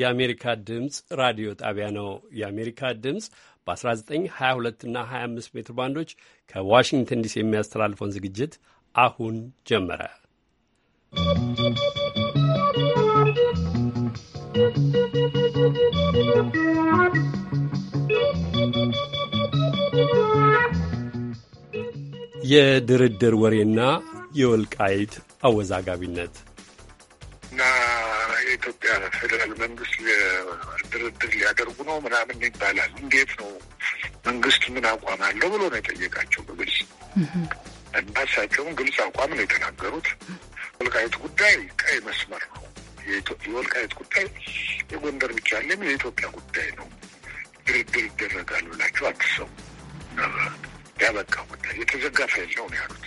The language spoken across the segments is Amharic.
የአሜሪካ ድምፅ ራዲዮ ጣቢያ ነው። የአሜሪካ ድምፅ በ1922 እና 25 ሜትር ባንዶች ከዋሽንግተን ዲሲ የሚያስተላልፈውን ዝግጅት አሁን ጀመረ። የድርድር ወሬና የወልቃይት አወዛጋቢነት እና የኢትዮጵያ ፌዴራል መንግስት ድርድር ሊያደርጉ ነው ምናምን ይባላል። እንዴት ነው መንግስት ምን አቋም አለው ብሎ ነው የጠየቃቸው በግልጽ እና እሳቸውም ግልጽ አቋም ነው የተናገሩት። ወልቃየት ጉዳይ ቀይ መስመር ነው። የወልቃየት ጉዳይ የጎንደር ብቻ አለም የኢትዮጵያ ጉዳይ ነው። ድርድር ይደረጋል ብላችሁ አትሰሙ። ያበቃ ጉዳይ የተዘጋ ፋይል ነው ያሉት።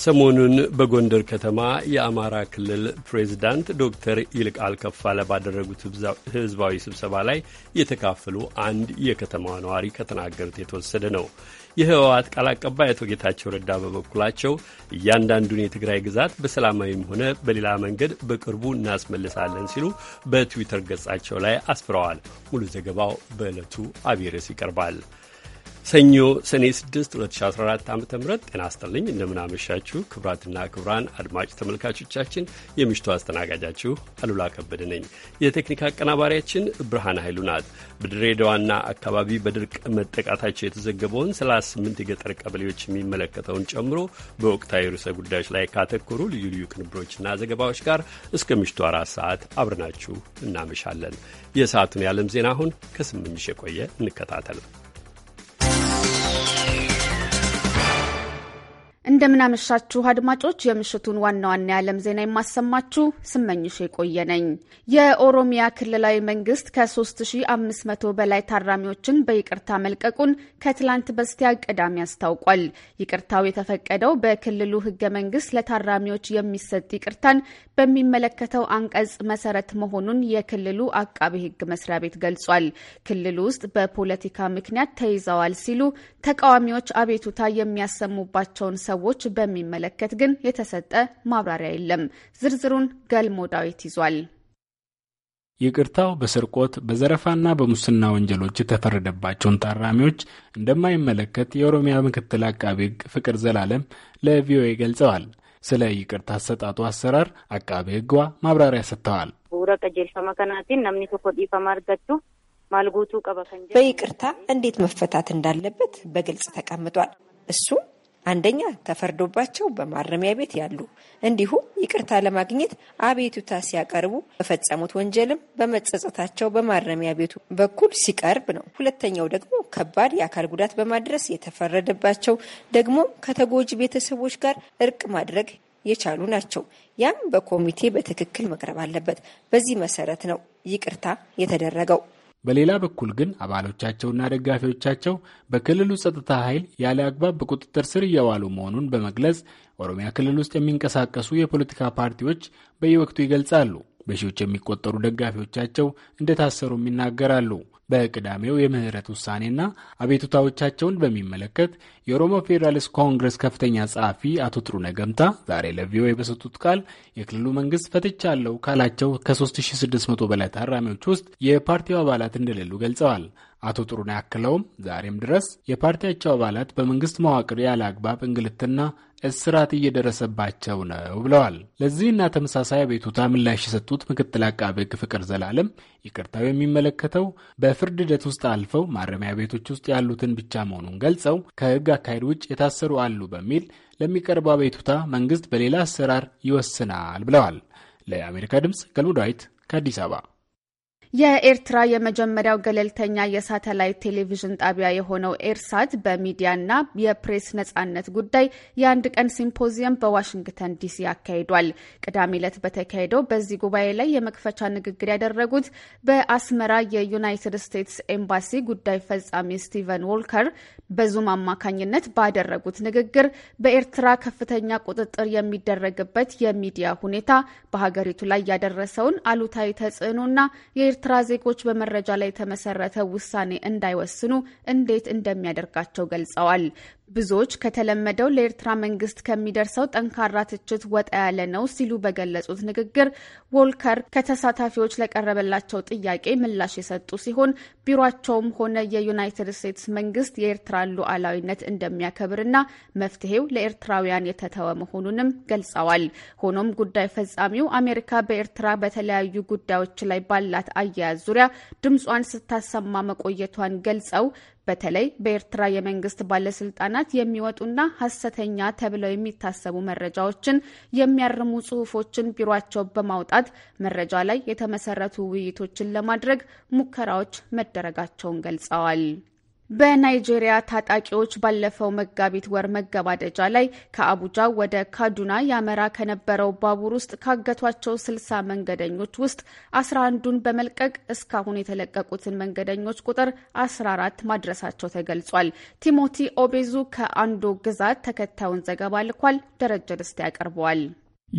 ሰሞኑን በጎንደር ከተማ የአማራ ክልል ፕሬዚዳንት ዶክተር ይልቃል ከፋለ ባደረጉት ህዝባዊ ስብሰባ ላይ የተካፈሉ አንድ የከተማ ነዋሪ ከተናገሩት የተወሰደ ነው። የህወሓት ቃል አቀባይ አቶ ጌታቸው ረዳ በበኩላቸው እያንዳንዱን የትግራይ ግዛት በሰላማዊም ሆነ በሌላ መንገድ በቅርቡ እናስመልሳለን ሲሉ በትዊተር ገጻቸው ላይ አስፍረዋል። ሙሉ ዘገባው በዕለቱ አብይ ይቀርባል። ሰኞ ሰኔ 6 2014 ዓ ም ጤና ይስጥልኝ። እንደምናመሻችሁ ክቡራትና ክቡራን አድማጭ ተመልካቾቻችን የምሽቱ አስተናጋጃችሁ አሉላ ከበደ ነኝ። የቴክኒክ አቀናባሪያችን ብርሃን ኃይሉ ናት። በድሬዳዋና አካባቢ በድርቅ መጠቃታቸው የተዘገበውን 38 የገጠር ቀበሌዎች የሚመለከተውን ጨምሮ በወቅታዊ ርዕሰ ጉዳዮች ላይ ካተኮሩ ልዩ ልዩ ቅንብሮችና ዘገባዎች ጋር እስከ ምሽቱ አራት ሰዓት አብረናችሁ እናመሻለን። የሰዓቱን የዓለም ዜና አሁን ከስምንሽ የቆየ እንከታተል። እንደምናመሻችሁ አድማጮች፣ የምሽቱን ዋና ዋና የዓለም ዜና የማሰማችሁ ስመኝሽ የቆየ ነኝ። የኦሮሚያ ክልላዊ መንግስት ከ3500 በላይ ታራሚዎችን በይቅርታ መልቀቁን ከትላንት በስቲያ ቅዳሜ አስታውቋል። ይቅርታው የተፈቀደው በክልሉ ህገ መንግስት ለታራሚዎች የሚሰጥ ይቅርታን በሚመለከተው አንቀጽ መሰረት መሆኑን የክልሉ አቃቢ ህግ መስሪያ ቤት ገልጿል። ክልሉ ውስጥ በፖለቲካ ምክንያት ተይዘዋል ሲሉ ተቃዋሚዎች አቤቱታ የሚያሰሙባቸውን ሰዎች በሚመለከት ግን የተሰጠ ማብራሪያ የለም። ዝርዝሩን ገልሞ ዳዊት ይዟል። ይቅርታው በስርቆት በዘረፋና በሙስና ወንጀሎች የተፈረደባቸውን ታራሚዎች እንደማይመለከት የኦሮሚያ ምክትል አቃቢ ሕግ ፍቅር ዘላለም ለቪኦኤ ገልጸዋል። ስለ ይቅርታ አሰጣጡ አሰራር አቃቤ ሕግዋ ማብራሪያ ሰጥተዋል። በይቅርታ እንዴት መፈታት እንዳለበት በግልጽ ተቀምጧል። እሱም አንደኛ ተፈርዶባቸው በማረሚያ ቤት ያሉ እንዲሁም ይቅርታ ለማግኘት አቤቱታ ሲያቀርቡ በፈጸሙት ወንጀልም በመጸጸታቸው በማረሚያ ቤቱ በኩል ሲቀርብ ነው። ሁለተኛው ደግሞ ከባድ የአካል ጉዳት በማድረስ የተፈረደባቸው ደግሞ ከተጎጂ ቤተሰቦች ጋር እርቅ ማድረግ የቻሉ ናቸው። ያም በኮሚቴ በትክክል መቅረብ አለበት። በዚህ መሰረት ነው ይቅርታ የተደረገው። በሌላ በኩል ግን አባሎቻቸውና ደጋፊዎቻቸው በክልሉ ጸጥታ ኃይል ያለ አግባብ በቁጥጥር ስር እየዋሉ መሆኑን በመግለጽ ኦሮሚያ ክልል ውስጥ የሚንቀሳቀሱ የፖለቲካ ፓርቲዎች በየወቅቱ ይገልጻሉ። በሺዎች የሚቆጠሩ ደጋፊዎቻቸው እንደታሰሩም ይናገራሉ። በቅዳሜው የምህረት ውሳኔና አቤቱታዎቻቸውን በሚመለከት የኦሮሞ ፌዴራሊስት ኮንግረስ ከፍተኛ ጸሐፊ አቶ ጥሩነ ገምታ ዛሬ ለቪኦኤ በሰጡት ቃል የክልሉ መንግስት ፈትቻለሁ ካላቸው ከ3600 በላይ ታራሚዎች ውስጥ የፓርቲው አባላት እንደሌሉ ገልጸዋል። አቶ ጥሩን ያክለውም ዛሬም ድረስ የፓርቲያቸው አባላት በመንግስት መዋቅር ያለ አግባብ እንግልትና እስራት እየደረሰባቸው ነው ብለዋል። ለዚህና ተመሳሳይ አቤቱታ ምላሽ የሰጡት ምክትል አቃቤ ሕግ ፍቅር ዘላለም ይቅርታው የሚመለከተው በፍርድ ሂደት ውስጥ አልፈው ማረሚያ ቤቶች ውስጥ ያሉትን ብቻ መሆኑን ገልጸው ከሕግ አካሄድ ውጭ የታሰሩ አሉ በሚል ለሚቀርበው አቤቱታ መንግስት በሌላ አሰራር ይወስናል ብለዋል። ለአሜሪካ ድምፅ ገልሙ ዳዊት ከአዲስ አበባ የኤርትራ የመጀመሪያው ገለልተኛ የሳተላይት ቴሌቪዥን ጣቢያ የሆነው ኤርሳት በሚዲያና የፕሬስ ነጻነት ጉዳይ የአንድ ቀን ሲምፖዚየም በዋሽንግተን ዲሲ አካሂዷል። ቅዳሜ ዕለት በተካሄደው በዚህ ጉባኤ ላይ የመክፈቻ ንግግር ያደረጉት በአስመራ የዩናይትድ ስቴትስ ኤምባሲ ጉዳይ ፈጻሚ ስቲቨን ዎልከር በዙም አማካኝነት ባደረጉት ንግግር በኤርትራ ከፍተኛ ቁጥጥር የሚደረግበት የሚዲያ ሁኔታ በሀገሪቱ ላይ ያደረሰውን አሉታዊ ተጽዕኖና የኤርትራ ዜጎች በመረጃ ላይ የተመሰረተ ውሳኔ እንዳይወስኑ እንዴት እንደሚያደርጋቸው ገልጸዋል። ብዙዎች ከተለመደው ለኤርትራ መንግስት ከሚደርሰው ጠንካራ ትችት ወጣ ያለ ነው ሲሉ በገለጹት ንግግር ዎልከር ከተሳታፊዎች ለቀረበላቸው ጥያቄ ምላሽ የሰጡ ሲሆን ቢሯቸውም ሆነ የዩናይትድ ስቴትስ መንግስት የኤርትራ ሉዓላዊነት እንደሚያከብርና መፍትሄው ለኤርትራውያን የተተወ መሆኑንም ገልጸዋል። ሆኖም ጉዳይ ፈጻሚው አሜሪካ በኤርትራ በተለያዩ ጉዳዮች ላይ ባላት አያያዝ ዙሪያ ድምጿን ስታሰማ መቆየቷን ገልጸው በተለይ በኤርትራ የመንግስት ባለስልጣናት የሚወጡና ሀሰተኛ ተብለው የሚታሰቡ መረጃዎችን የሚያርሙ ጽሁፎችን ቢሯቸው በማውጣት መረጃ ላይ የተመሰረቱ ውይይቶችን ለማድረግ ሙከራዎች መደረጋቸውን ገልጸዋል። በናይጄሪያ ታጣቂዎች ባለፈው መጋቢት ወር መገባደጃ ላይ ከአቡጃ ወደ ካዱና ያመራ ከነበረው ባቡር ውስጥ ካገቷቸው ስልሳ መንገደኞች ውስጥ አስራ አንዱን በመልቀቅ እስካሁን የተለቀቁትን መንገደኞች ቁጥር አስራ አራት ማድረሳቸው ተገልጿል። ቲሞቲ ኦቤዙ ከአንዶ ግዛት ተከታዩን ዘገባ ልኳል። ደረጀ ደስታ ያቀርበዋል።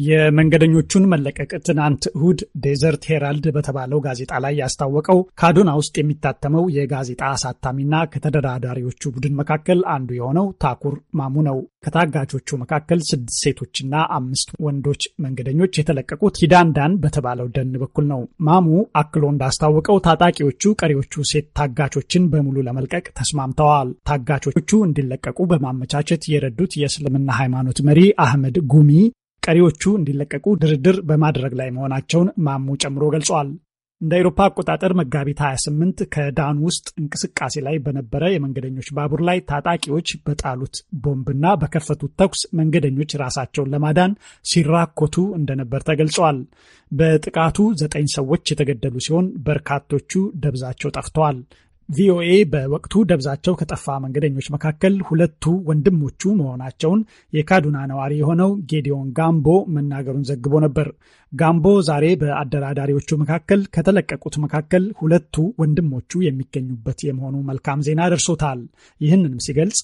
የመንገደኞቹን መለቀቅ ትናንት እሁድ ዴዘርት ሄራልድ በተባለው ጋዜጣ ላይ ያስታወቀው ካዶና ውስጥ የሚታተመው የጋዜጣ አሳታሚና ከተደራዳሪዎቹ ቡድን መካከል አንዱ የሆነው ታኩር ማሙ ነው። ከታጋቾቹ መካከል ስድስት ሴቶችና አምስት ወንዶች መንገደኞች የተለቀቁት ሂዳንዳን በተባለው ደን በኩል ነው። ማሙ አክሎ እንዳስታወቀው ታጣቂዎቹ ቀሪዎቹ ሴት ታጋቾችን በሙሉ ለመልቀቅ ተስማምተዋል። ታጋቾቹ እንዲለቀቁ በማመቻቸት የረዱት የእስልምና ሃይማኖት መሪ አህመድ ጉሚ ቀሪዎቹ እንዲለቀቁ ድርድር በማድረግ ላይ መሆናቸውን ማሙ ጨምሮ ገልጿል። እንደ አውሮፓ አቆጣጠር መጋቢት 28 ከዳን ውስጥ እንቅስቃሴ ላይ በነበረ የመንገደኞች ባቡር ላይ ታጣቂዎች በጣሉት ቦምብና በከፈቱት ተኩስ መንገደኞች ራሳቸውን ለማዳን ሲራኮቱ እንደነበር ተገልጿል። በጥቃቱ ዘጠኝ ሰዎች የተገደሉ ሲሆን በርካቶቹ ደብዛቸው ጠፍተዋል። ቪኦኤ በወቅቱ ደብዛቸው ከጠፋ መንገደኞች መካከል ሁለቱ ወንድሞቹ መሆናቸውን የካዱና ነዋሪ የሆነው ጌዲዮን ጋምቦ መናገሩን ዘግቦ ነበር። ጋምቦ ዛሬ በአደራዳሪዎቹ መካከል ከተለቀቁት መካከል ሁለቱ ወንድሞቹ የሚገኙበት የመሆኑ መልካም ዜና ደርሶታል። ይህንንም ሲገልጽ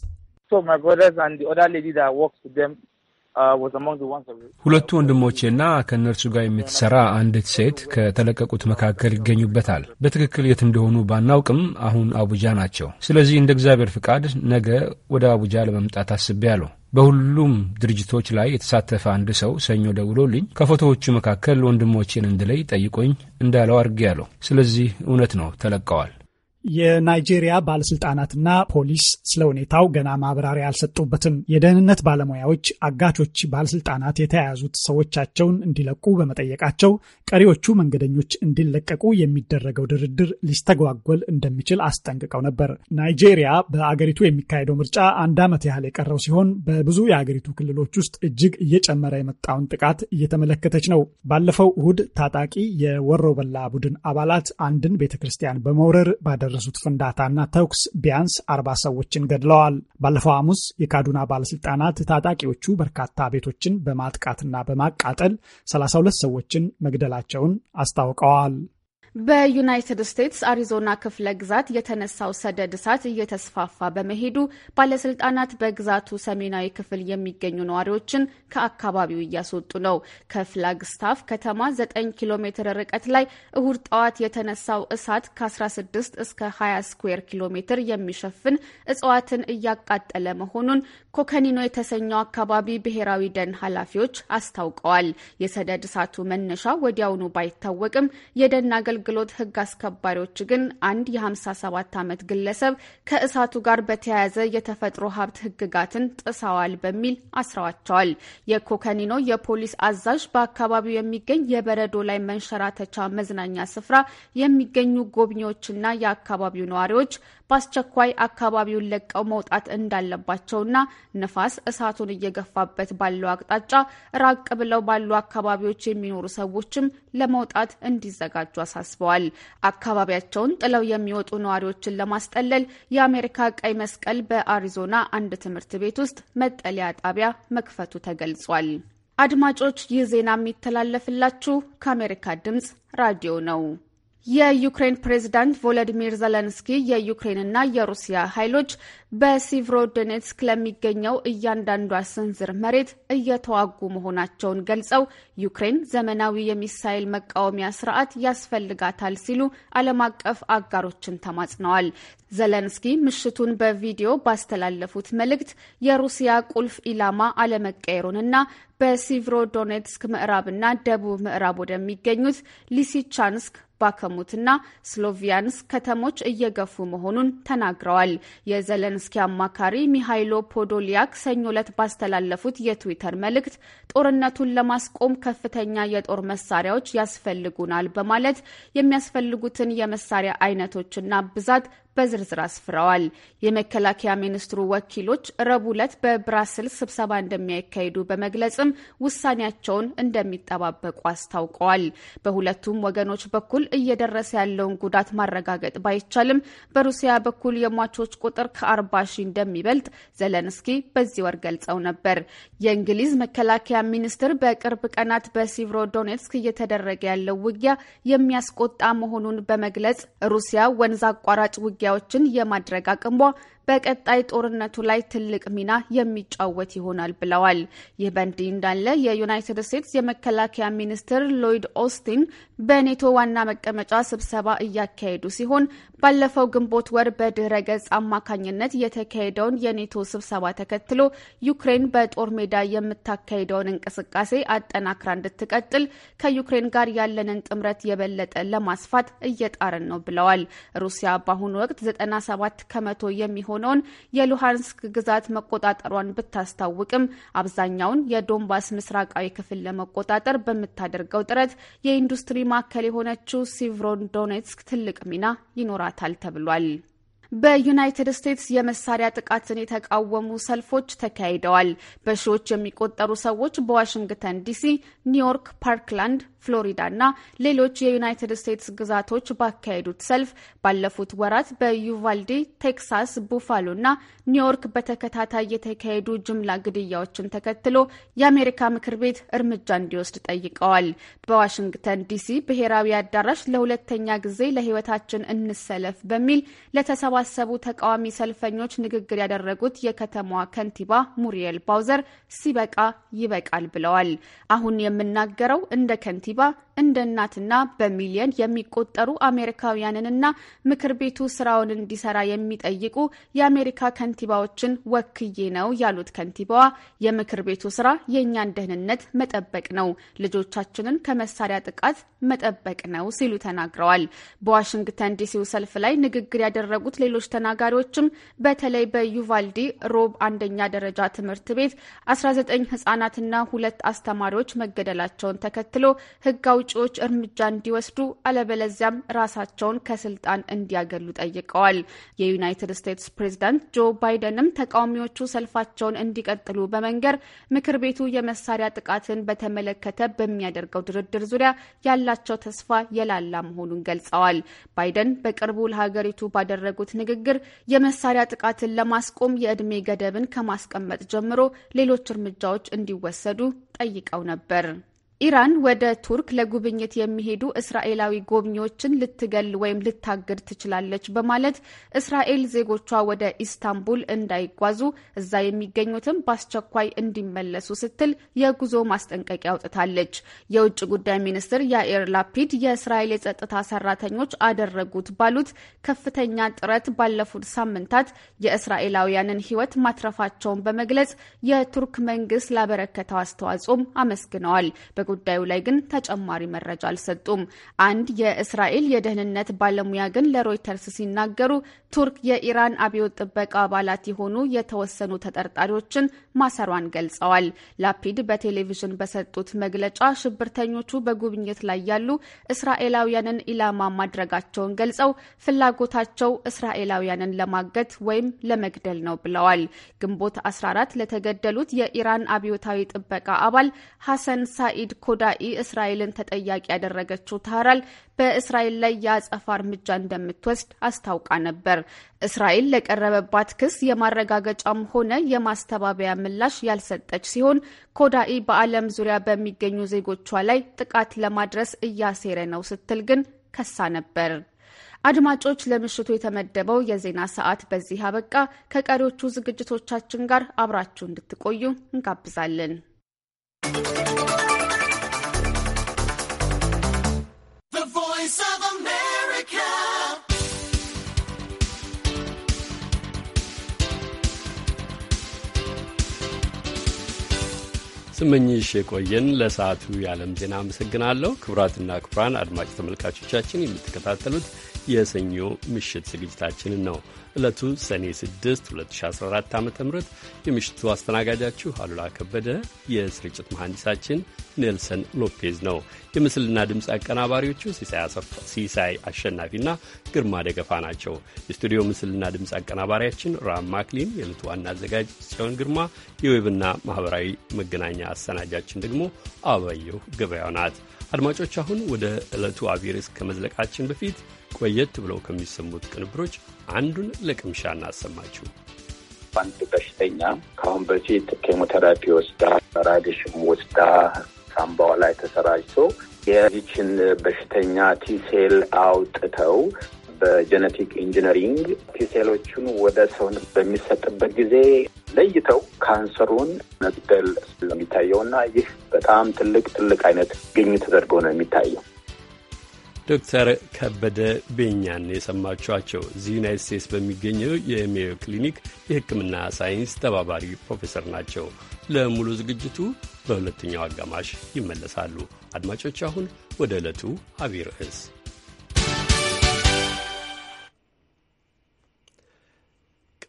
ሁለቱ ወንድሞቼና ከእነርሱ ጋር የምትሰራ አንዲት ሴት ከተለቀቁት መካከል ይገኙበታል። በትክክል የት እንደሆኑ ባናውቅም አሁን አቡጃ ናቸው። ስለዚህ እንደ እግዚአብሔር ፍቃድ ነገ ወደ አቡጃ ለመምጣት አስቤያለሁ። በሁሉም ድርጅቶች ላይ የተሳተፈ አንድ ሰው ሰኞ ደውሎልኝ ከፎቶዎቹ መካከል ወንድሞቼን እንድለይ ጠይቆኝ እንዳለው አድርጌያለሁ። ስለዚህ እውነት ነው ተለቀዋል። የናይጄሪያ ባለስልጣናትና ፖሊስ ስለ ሁኔታው ገና ማብራሪያ አልሰጡበትም። የደህንነት ባለሙያዎች አጋቾች ባለስልጣናት የተያያዙት ሰዎቻቸውን እንዲለቁ በመጠየቃቸው ቀሪዎቹ መንገደኞች እንዲለቀቁ የሚደረገው ድርድር ሊስተጓጎል እንደሚችል አስጠንቅቀው ነበር። ናይጄሪያ በአገሪቱ የሚካሄደው ምርጫ አንድ ዓመት ያህል የቀረው ሲሆን በብዙ የአገሪቱ ክልሎች ውስጥ እጅግ እየጨመረ የመጣውን ጥቃት እየተመለከተች ነው። ባለፈው እሁድ ታጣቂ የወሮበላ ቡድን አባላት አንድን ቤተ ክርስቲያን በመውረር ባደ ያደረሱት ፍንዳታና ተኩስ ቢያንስ አርባ ሰዎችን ገድለዋል። ባለፈው ሐሙስ የካዱና ባለስልጣናት ታጣቂዎቹ በርካታ ቤቶችን በማጥቃትና በማቃጠል 32 ሰዎችን መግደላቸውን አስታውቀዋል። በዩናይትድ ስቴትስ አሪዞና ክፍለ ግዛት የተነሳው ሰደድ እሳት እየተስፋፋ በመሄዱ ባለስልጣናት በግዛቱ ሰሜናዊ ክፍል የሚገኙ ነዋሪዎችን ከአካባቢው እያስወጡ ነው። ከፍላግስታፍ ከተማ 9 ኪሎ ሜትር ርቀት ላይ እሁድ ጠዋት የተነሳው እሳት ከ16 እስከ 20 ስኩዌር ኪሎ ሜትር የሚሸፍን እጽዋትን እያቃጠለ መሆኑን ኮከኒኖ የተሰኘው አካባቢ ብሔራዊ ደን ኃላፊዎች አስታውቀዋል። የሰደድ እሳቱ መነሻ ወዲያውኑ ባይታወቅም የደን አገልግሎ አገልግሎት ሕግ አስከባሪዎች ግን አንድ የ57 ዓመት ግለሰብ ከእሳቱ ጋር በተያያዘ የተፈጥሮ ሀብት ሕግጋትን ጥሰዋል በሚል አስረዋቸዋል። የኮከኒኖ የፖሊስ አዛዥ በአካባቢው የሚገኝ የበረዶ ላይ መንሸራተቻ መዝናኛ ስፍራ የሚገኙ ጎብኚዎችና የአካባቢው ነዋሪዎች በአስቸኳይ አካባቢውን ለቀው መውጣት እንዳለባቸውና ንፋስ እሳቱን እየገፋበት ባለው አቅጣጫ ራቅ ብለው ባሉ አካባቢዎች የሚኖሩ ሰዎችም ለመውጣት እንዲዘጋጁ አሳስበዋል። አካባቢያቸውን ጥለው የሚወጡ ነዋሪዎችን ለማስጠለል የአሜሪካ ቀይ መስቀል በአሪዞና አንድ ትምህርት ቤት ውስጥ መጠለያ ጣቢያ መክፈቱ ተገልጿል። አድማጮች፣ ይህ ዜና የሚተላለፍላችሁ ከአሜሪካ ድምጽ ራዲዮ ነው። የዩክሬን ፕሬዝዳንት ቮሎዲሚር ዘለንስኪ የዩክሬንና የሩሲያ ኃይሎች በሲቭሮዶኔትስክ ለሚገኘው እያንዳንዷ ስንዝር መሬት እየተዋጉ መሆናቸውን ገልጸው ዩክሬን ዘመናዊ የሚሳይል መቃወሚያ ስርዓት ያስፈልጋታል ሲሉ ዓለም አቀፍ አጋሮችን ተማጽነዋል። ዘለንስኪ ምሽቱን በቪዲዮ ባስተላለፉት መልእክት የሩሲያ ቁልፍ ኢላማ አለመቀየሩንና በሲቭሮዶኔትስክ ምዕራብና ደቡብ ምዕራብ ወደሚገኙት ሊሲቻንስክ ባከሙትና ስሎቪያንስ ከተሞች እየገፉ መሆኑን ተናግረዋል። የዘለንስኪ አማካሪ ሚሃይሎ ፖዶሊያክ ሰኞ ዕለት ባስተላለፉት የትዊተር መልእክት ጦርነቱን ለማስቆም ከፍተኛ የጦር መሳሪያዎች ያስፈልጉናል በማለት የሚያስፈልጉትን የመሳሪያ አይነቶችና ብዛት በዝርዝር አስፍረዋል። የመከላከያ ሚኒስትሩ ወኪሎች ረቡዕ ዕለት በብራስልስ ስብሰባ እንደሚያካሂዱ በመግለጽም ውሳኔያቸውን እንደሚጠባበቁ አስታውቀዋል። በሁለቱም ወገኖች በኩል እየደረሰ ያለውን ጉዳት ማረጋገጥ ባይቻልም በሩሲያ በኩል የሟቾች ቁጥር ከአርባ ሺህ እንደሚበልጥ ዘለንስኪ በዚህ ወር ገልጸው ነበር። የእንግሊዝ መከላከያ ሚኒስትር በቅርብ ቀናት በሲቭሮ ዶኔትስክ እየተደረገ ያለው ውጊያ የሚያስቆጣ መሆኑን በመግለጽ ሩሲያ ወንዝ አቋራጭ ውጊያ ውጊያዎችን የማድረግ አቅሟ በቀጣይ ጦርነቱ ላይ ትልቅ ሚና የሚጫወት ይሆናል ብለዋል። ይህ በእንዲህ እንዳለ የዩናይትድ ስቴትስ የመከላከያ ሚኒስትር ሎይድ ኦስቲን በኔቶ ዋና መቀመጫ ስብሰባ እያካሄዱ ሲሆን ባለፈው ግንቦት ወር በድህረ ገጽ አማካኝነት የተካሄደውን የኔቶ ስብሰባ ተከትሎ ዩክሬን በጦር ሜዳ የምታካሄደውን እንቅስቃሴ አጠናክራ እንድትቀጥል ከዩክሬን ጋር ያለንን ጥምረት የበለጠ ለማስፋት እየጣርን ነው ብለዋል። ሩሲያ በአሁኑ ወቅት 97 ከመቶ የሚሆን የሆነውን የሉሃንስክ ግዛት መቆጣጠሯን ብታስታውቅም አብዛኛውን የዶንባስ ምስራቃዊ ክፍል ለመቆጣጠር በምታደርገው ጥረት የኢንዱስትሪ ማዕከል የሆነችው ዶኔትስክ ትልቅ ሚና ይኖራታል ተብሏል። በዩናይትድ ስቴትስ የመሳሪያ ጥቃትን የተቃወሙ ሰልፎች ተካሂደዋል። በሺዎች የሚቆጠሩ ሰዎች በዋሽንግተን ዲሲ፣ ኒውዮርክ፣ ፓርክላንድ ፍሎሪዳ እና ሌሎች የዩናይትድ ስቴትስ ግዛቶች ባካሄዱት ሰልፍ ባለፉት ወራት በዩቫልዴ፣ ቴክሳስ፣ ቡፋሎ እና ኒውዮርክ በተከታታይ የተካሄዱ ጅምላ ግድያዎችን ተከትሎ የአሜሪካ ምክር ቤት እርምጃ እንዲወስድ ጠይቀዋል። በዋሽንግተን ዲሲ ብሔራዊ አዳራሽ ለሁለተኛ ጊዜ ለህይወታችን እንሰለፍ በሚል ለተሰባ ለተሰባሰቡ ተቃዋሚ ሰልፈኞች ንግግር ያደረጉት የከተማዋ ከንቲባ ሙሪየል ባውዘር ሲበቃ ይበቃል ብለዋል። አሁን የምናገረው እንደ ከንቲባ እንደ እናትና በሚሊየን የሚቆጠሩ አሜሪካውያንንና ምክር ቤቱ ስራውን እንዲሰራ የሚጠይቁ የአሜሪካ ከንቲባዎችን ወክዬ ነው ያሉት ከንቲባዋ የምክር ቤቱ ስራ የእኛን ደህንነት መጠበቅ ነው፣ ልጆቻችንን ከመሳሪያ ጥቃት መጠበቅ ነው ሲሉ ተናግረዋል። በዋሽንግተን ዲሲው ሰልፍ ላይ ንግግር ያደረጉት ሌሎች ተናጋሪዎችም በተለይ በዩቫልዲ ሮብ አንደኛ ደረጃ ትምህርት ቤት 19 ህጻናትና ሁለት አስተማሪዎች መገደላቸውን ተከትሎ ህግ አውጪዎች እርምጃ እንዲወስዱ አለበለዚያም ራሳቸውን ከስልጣን እንዲያገሉ ጠይቀዋል። የዩናይትድ ስቴትስ ፕሬዝዳንት ጆ ባይደንም ተቃዋሚዎቹ ሰልፋቸውን እንዲቀጥሉ በመንገር ምክር ቤቱ የመሳሪያ ጥቃትን በተመለከተ በሚያደርገው ድርድር ዙሪያ ያላቸው ተስፋ የላላ መሆኑን ገልጸዋል። ባይደን በቅርቡ ለሀገሪቱ ባደረጉት ንግግር የመሳሪያ ጥቃትን ለማስቆም የዕድሜ ገደብን ከማስቀመጥ ጀምሮ ሌሎች እርምጃዎች እንዲወሰዱ ጠይቀው ነበር። ኢራን ወደ ቱርክ ለጉብኝት የሚሄዱ እስራኤላዊ ጎብኚዎችን ልትገል ወይም ልታግድ ትችላለች በማለት እስራኤል ዜጎቿ ወደ ኢስታንቡል እንዳይጓዙ እዛ የሚገኙትም በአስቸኳይ እንዲመለሱ ስትል የጉዞ ማስጠንቀቂያ አውጥታለች። የውጭ ጉዳይ ሚኒስትር ያኤር ላፒድ የእስራኤል የጸጥታ ሰራተኞች አደረጉት ባሉት ከፍተኛ ጥረት ባለፉት ሳምንታት የእስራኤላውያንን ሕይወት ማትረፋቸውን በመግለጽ የቱርክ መንግስት ላበረከተው አስተዋጽኦም አመስግነዋል። በጉዳዩ ላይ ግን ተጨማሪ መረጃ አልሰጡም። አንድ የእስራኤል የደህንነት ባለሙያ ግን ለሮይተርስ ሲናገሩ ቱርክ የኢራን አብዮት ጥበቃ አባላት የሆኑ የተወሰኑ ተጠርጣሪዎችን ማሰሯን ገልጸዋል። ላፒድ በቴሌቪዥን በሰጡት መግለጫ ሽብርተኞቹ በጉብኝት ላይ ያሉ እስራኤላውያንን ኢላማ ማድረጋቸውን ገልጸው ፍላጎታቸው እስራኤላውያንን ለማገት ወይም ለመግደል ነው ብለዋል። ግንቦት 14 ለተገደሉት የኢራን አብዮታዊ ጥበቃ አባል ሐሰን ሳኢድ ኮዳኢ እስራኤልን ተጠያቂ ያደረገችው ታህራል በእስራኤል ላይ የአጸፋ እርምጃ እንደምትወስድ አስታውቃ ነበር። እስራኤል ለቀረበባት ክስ የማረጋገጫም ሆነ የማስተባበያ ምላሽ ያልሰጠች ሲሆን ኮዳኢ በዓለም ዙሪያ በሚገኙ ዜጎቿ ላይ ጥቃት ለማድረስ እያሴረ ነው ስትል ግን ከሳ ነበር። አድማጮች፣ ለምሽቱ የተመደበው የዜና ሰዓት በዚህ አበቃ። ከቀሪዎቹ ዝግጅቶቻችን ጋር አብራችሁ እንድትቆዩ እንጋብዛለን። Voice of America. ስመኝሽ የቆየን ለሰዓቱ የዓለም ዜና አመሰግናለሁ። ክቡራትና ክቡራን አድማጭ ተመልካቾቻችን የምትከታተሉት የሰኞ ምሽት ዝግጅታችንን ነው። ዕለቱ ሰኔ 6 2014 ዓ ም የምሽቱ አስተናጋጃችሁ አሉላ ከበደ፣ የስርጭት መሐንዲሳችን ኔልሰን ሎፔዝ ነው። የምስልና ድምፅ አቀናባሪዎቹ ሲሳይ አሸናፊና ግርማ ደገፋ ናቸው። የስቱዲዮ ምስልና ድምፅ አቀናባሪያችን ራም ማክሊን፣ የዕለቱ ዋና አዘጋጅ ጽዮን ግርማ፣ የዌብና ማኅበራዊ መገናኛ አሰናጃችን ደግሞ አበየሁ ገበያው ናት። አድማጮች አሁን ወደ ዕለቱ አቪርስ ከመዝለቃችን በፊት ቆየት ብለው ከሚሰሙት ቅንብሮች አንዱን ለቅምሻ እናሰማችሁ። አንድ በሽተኛ ከአሁን በፊት ኬሞቴራፒ ወስዳ ራዲሽም ወስዳ ሳምባዋ ላይ ተሰራጭቶ የዚችን በሽተኛ ቲሴል አውጥተው በጀነቲክ ኢንጂነሪንግ ቲሴሎቹን ወደ ሰውን በሚሰጥበት ጊዜ ለይተው ካንሰሩን መግደል የሚታየውና ይህ በጣም ትልቅ ትልቅ አይነት ግኝ ተደርጎ ነው የሚታየው። ዶክተር ከበደ ቤኛን የሰማችኋቸው እዚህ ዩናይት ስቴትስ በሚገኘው የሜዮ ክሊኒክ የሕክምና ሳይንስ ተባባሪ ፕሮፌሰር ናቸው። ለሙሉ ዝግጅቱ በሁለተኛው አጋማሽ ይመለሳሉ። አድማጮች፣ አሁን ወደ ዕለቱ አብይ ርዕስ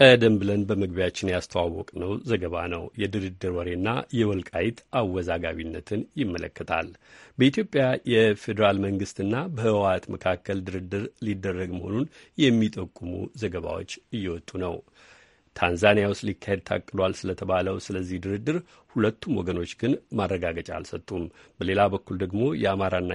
ቀደም ብለን በመግቢያችን ያስተዋወቅነው ዘገባ ነው። የድርድር ወሬና የወልቃይት አወዛጋቢነትን ይመለከታል። በኢትዮጵያ የፌዴራል መንግስትና በህወሓት መካከል ድርድር ሊደረግ መሆኑን የሚጠቁሙ ዘገባዎች እየወጡ ነው። ታንዛኒያ ውስጥ ሊካሄድ ታቅዷል ስለተባለው ስለዚህ ድርድር ሁለቱም ወገኖች ግን ማረጋገጫ አልሰጡም። በሌላ በኩል ደግሞ የአማራና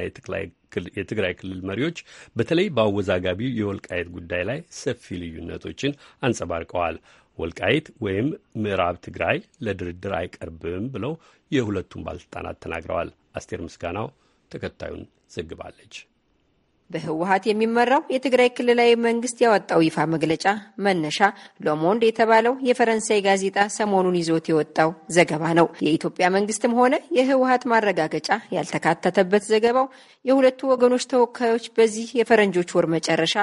የትግራይ ክልል መሪዎች በተለይ በአወዛጋቢው የወልቃየት ጉዳይ ላይ ሰፊ ልዩነቶችን አንጸባርቀዋል። ወልቃይት ወይም ምዕራብ ትግራይ ለድርድር አይቀርብም ብለው የሁለቱም ባለስልጣናት ተናግረዋል። አስቴር ምስጋናው ተከታዩን ዘግባለች። በህወሀት የሚመራው የትግራይ ክልላዊ መንግስት ያወጣው ይፋ መግለጫ መነሻ ሎሞንድ የተባለው የፈረንሳይ ጋዜጣ ሰሞኑን ይዞት የወጣው ዘገባ ነው። የኢትዮጵያ መንግስትም ሆነ የህወሀት ማረጋገጫ ያልተካተተበት ዘገባው የሁለቱ ወገኖች ተወካዮች በዚህ የፈረንጆች ወር መጨረሻ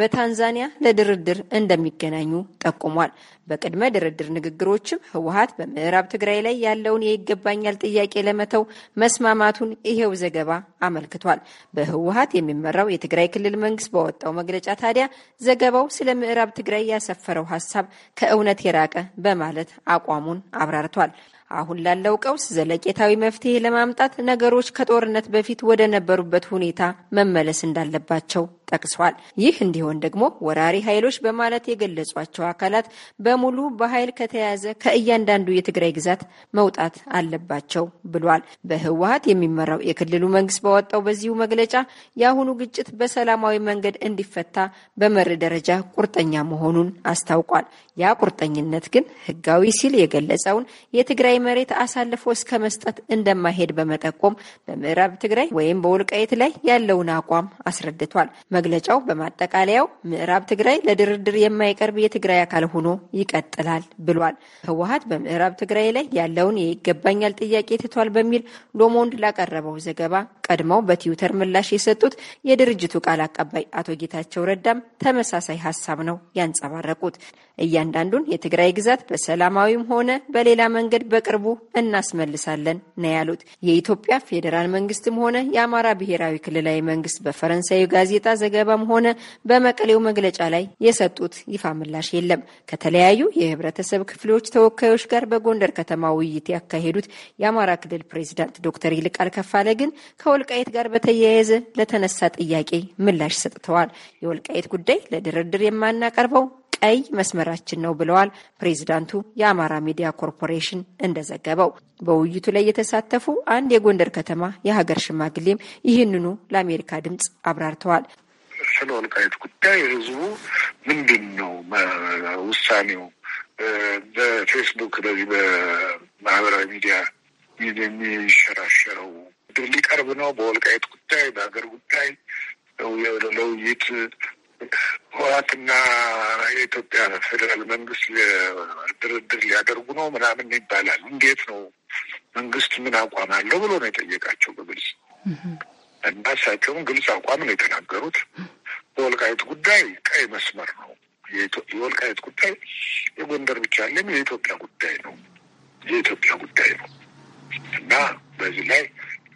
በታንዛኒያ ለድርድር እንደሚገናኙ ጠቁሟል። በቅድመ ድርድር ንግግሮችም ህወሀት በምዕራብ ትግራይ ላይ ያለውን የይገባኛል ጥያቄ ለመተው መስማማቱን ይሄው ዘገባ አመልክቷል። በህወሀት የሚመራው የትግራይ ክልል መንግስት በወጣው መግለጫ ታዲያ ዘገባው ስለ ምዕራብ ትግራይ ያሰፈረው ሀሳብ ከእውነት የራቀ በማለት አቋሙን አብራርቷል። አሁን ላለው ቀውስ ዘለቄታዊ መፍትሄ ለማምጣት ነገሮች ከጦርነት በፊት ወደ ነበሩበት ሁኔታ መመለስ እንዳለባቸው ጠቅሷል። ይህ እንዲሆን ደግሞ ወራሪ ኃይሎች በማለት የገለጿቸው አካላት በሙሉ በኃይል ከተያዘ ከእያንዳንዱ የትግራይ ግዛት መውጣት አለባቸው ብሏል። በህወሀት የሚመራው የክልሉ መንግስት ባወጣው በዚሁ መግለጫ የአሁኑ ግጭት በሰላማዊ መንገድ እንዲፈታ በመር ደረጃ ቁርጠኛ መሆኑን አስታውቋል። ያ ቁርጠኝነት ግን ህጋዊ ሲል የገለጸውን የትግራይ መሬት አሳልፎ እስከ መስጠት እንደማይሄድ በመጠቆም በምዕራብ ትግራይ ወይም በወልቃይት ላይ ያለውን አቋም አስረድቷል። መግለጫው በማጠቃለያው ምዕራብ ትግራይ ለድርድር የማይቀርብ የትግራይ አካል ሆኖ ይቀጥላል ብሏል። ህወሀት በምዕራብ ትግራይ ላይ ያለውን የይገባኛል ጥያቄ ትቷል በሚል ሎሞንድ ላቀረበው ዘገባ ቀድመው በትዊተር ምላሽ የሰጡት የድርጅቱ ቃል አቀባይ አቶ ጌታቸው ረዳም ተመሳሳይ ሀሳብ ነው ያንጸባረቁት። እያንዳንዱን የትግራይ ግዛት በሰላማዊም ሆነ በሌላ መንገድ በቅርቡ እናስመልሳለን ነው ያሉት። የኢትዮጵያ ፌዴራል መንግስትም ሆነ የአማራ ብሔራዊ ክልላዊ መንግስት በፈረንሳዩ ጋዜጣ ዘገባም ሆነ በመቀሌው መግለጫ ላይ የሰጡት ይፋ ምላሽ የለም። ከተለያዩ የህብረተሰብ ክፍሎች ተወካዮች ጋር በጎንደር ከተማ ውይይት ያካሄዱት የአማራ ክልል ፕሬዚዳንት ዶክተር ይልቃል ከፋለ ግን ከወልቃይት ጋር በተያያዘ ለተነሳ ጥያቄ ምላሽ ሰጥተዋል። የወልቃይት ጉዳይ ለድርድር የማናቀርበው ቀይ መስመራችን ነው ብለዋል ፕሬዚዳንቱ። የአማራ ሚዲያ ኮርፖሬሽን እንደዘገበው በውይይቱ ላይ የተሳተፉ አንድ የጎንደር ከተማ የሀገር ሽማግሌም ይህንኑ ለአሜሪካ ድምፅ አብራርተዋል። ስለ ወልቃይት ጉዳይ ህዝቡ ምንድን ነው ውሳኔው? በፌስቡክ በዚህ በማህበራዊ ሚዲያ የሚሸራሸረው ሊቀርብ ነው። በወልቃይት ጉዳይ፣ በሀገር ጉዳይ ለውይይት ህወሓትና የኢትዮጵያ ፌዴራል መንግስት ድርድር ሊያደርጉ ነው ምናምን ይባላል። እንዴት ነው መንግስት ምን አቋም አለው ብሎ ነው የጠየቃቸው በግልጽ እና እሳቸውም ግልጽ አቋም ነው የተናገሩት። በወልቃይት ጉዳይ ቀይ መስመር ነው። የወልቃይት ጉዳይ የጎንደር ብቻ አለም የኢትዮጵያ ጉዳይ ነው የኢትዮጵያ ጉዳይ ነው እና በዚህ ላይ